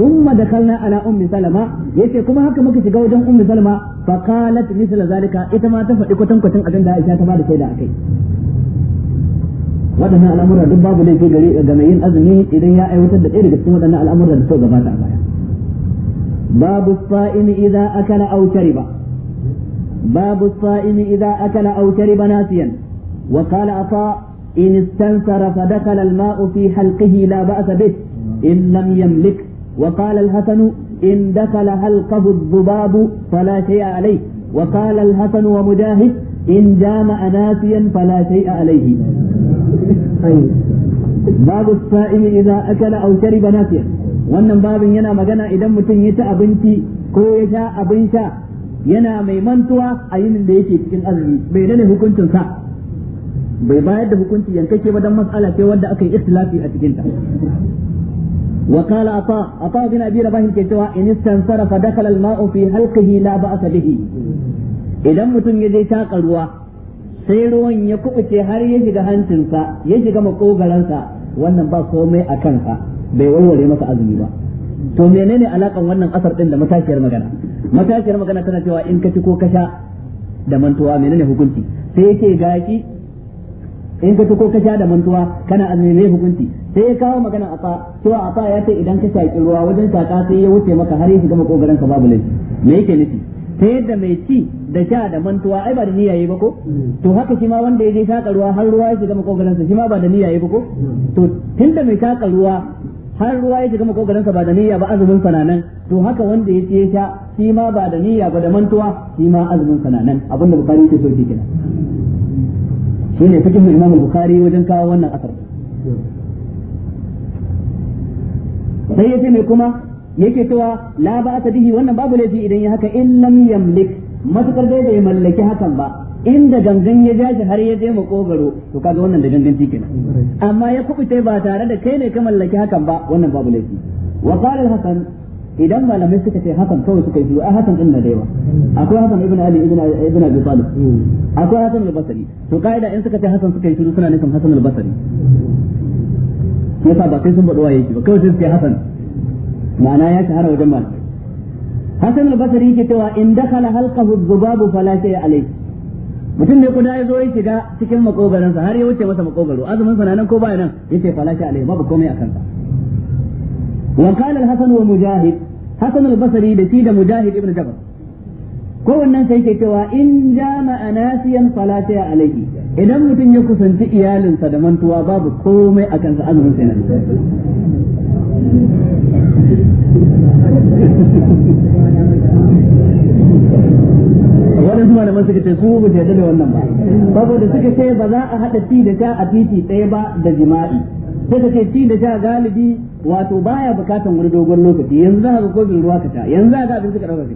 ثم دخلنا على ام سلمة يسي كما هكا مكي شيغا وجن ام سلمة فقالت مثل ذلك ايتا ما تفعي كتن كتن ادن دائشة ما دي سيدا اكي ودنا الامر رب باب لكي غري غميين ازمي اذن يا ايو تد ايه رجل سيما دنا الامر رب سوء غفاتا بايا باب الصائم اذا اكل او شرب باب الصائم اذا اكل او شرب ناسيا وقال عطاء ان استنثر فدخل الماء في حلقه لا باس به ان لم يملك وقال الحسن إن دخل حلقه الذباب فلا شيء عليه وقال الحسن ومجاهد إن جامع ناسيا فلا شيء عليه باب الصائم إذا أكل أو شرب ناسيا wannan babin yana magana idan mutum ya ci abinci ko ya sha abin sha yana mai mantuwa a yinin da yake cikin azumi bai dane hukuncin sa bai bayar da hukunci yankake ba dan matsala ce wanda aka yi istilafi a cikin ta وقال عطاء عطاء بن ابي رباح كتوا ان استنصرف دخل الماء في حلقه لا باس به idan mutum ya je taka ruwa sai ruwan ya kubuce har ya shiga hancinsa ya shiga makogaransa wannan ba komai a kansa bai warware masa azumi ba to menene alakan wannan asar din da matashiyar magana matashiyar magana tana cewa in ka ci ko ka sha da mantuwa menene hukunci sai yake gaki. in ka tuko ka sha da mantuwa kana azumi mai hukunci sai ya kawo magana a fa to a fa ya ce idan ka sha ruwa wajen shaka sai ya wuce maka har ya shiga makogaran ka babu laifi me yake nufi ta yadda mai ci da sha da mantuwa ai ba da niyya yayi ba ko to haka shi ma wanda ya je sha ruwa har ruwa ya shiga makogaran sa shi ma ba da niyya yayi ba ko to tunda mai sha ruwa har ruwa ya shiga makogaran sa ba da niyya ba azumin sa nan to haka wanda ya ci ya sha shi ma ba da niyya ba da mantuwa shi ma azumin sa nan abinda bukari ke so kenan shine fiqhul bukhari wajen kawo wannan asar sai ya ce mai kuma yake cewa la ba ta bihi wannan babu laifi idan ya haka in lam yamlik matukar dai bai mallaki hakan ba inda gangan ya jashi har ya je makogaro to kaga wannan da ganganci kenan amma ya kubuce ba tare da kai ne ka mallaki hakan ba wannan babu laifi wa qala al-hasan idan malamai suka ce hakan kawai suka yi a hakan din na da yawa akwai hakan ibn ali ibn ibn abi talib akwai hasan al-basri to kaida in suka ce hasan suka yi shiru suna nufin hasan al-basri yasa ba sai sun bada waye ba kawai sai suke hasan ma'ana ya shahara wajen malamai hasan al-basri yake cewa in dakala halqahu dhubabu fala shay'a alayhi mutum ne kuda ya zo ya shiga cikin makogaransa har ya wuce masa makogaro azumin sa nan ko ba nan yace fala shay'a alayhi babu komai akan sa وقال الحسن ومجاهد حسن البصري da مجاهد ابن جبر kowannen sai ke cewa in ja ma'anasiyan falata alaiki idan mutum ya kusanci iyalinsa da mantuwa babu komai a kansa azumin sai nan waɗansu malaman suka ce ba da suka ce ba za a haɗa ci da sha a titi ɗaya ba da jima'i sai ka ce ci da sha galibi wato baya bukatan wani dogon lokaci yanzu za ka kofin ruwa ka sha yanzu za ka abinci ka dauka ka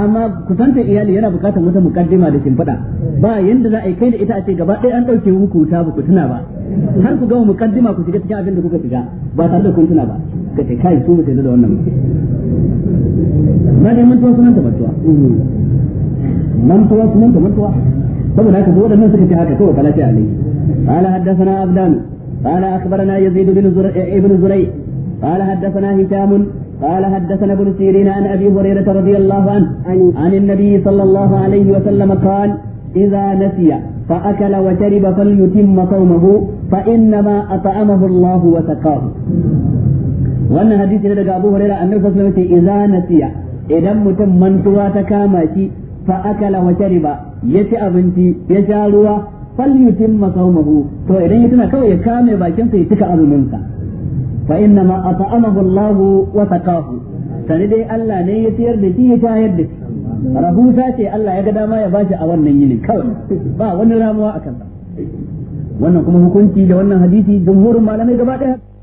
amma kusantar iyali yana bukatan wata mukaddima da shimfiɗa ba yanda za a yi kai da ita a ce gaba ɗaya an ɗauke muku ta ba ku tuna ba har ku gama mukaddima ku shiga cikin abin da kuka shiga ba tare da kun tuna ba ka ce kai su mutane da wannan ba dai mantuwa sunan ta mantuwa mantuwa sunan ta mantuwa saboda haka zo da nan suka ce haka kawai kala ce ala قال حدثنا أبدان قال أخبرنا يزيد بن زر... ابن زري قال حدثنا هشام قال حدثنا ابن سيرين عن أبي هريرة رضي الله عنه عن النبي صلى الله عليه وسلم قال إذا نسي فأكل وشرب فليتم صومه فإنما أطعمه الله وسقاه وأن حديث لدى أبو هريرة أن النبي صلى الله عليه idza nasiya idan mutum mantuwa ta فأكل وشرب fa akala wa falyutimma sawmahu to idan ya tuna kawai ya kame bakin sa ya tuka azumin sa fa inna ma at'amahu Allah wa saqahu sani dai Allah ne ya tiyar da shi ya tayar da shi rahusa ce Allah ya ga dama ya bashi a wannan yinin kawai ba wani ramuwa akan sa wannan kuma hukunci da wannan hadisi jumhurin malamai gaba daya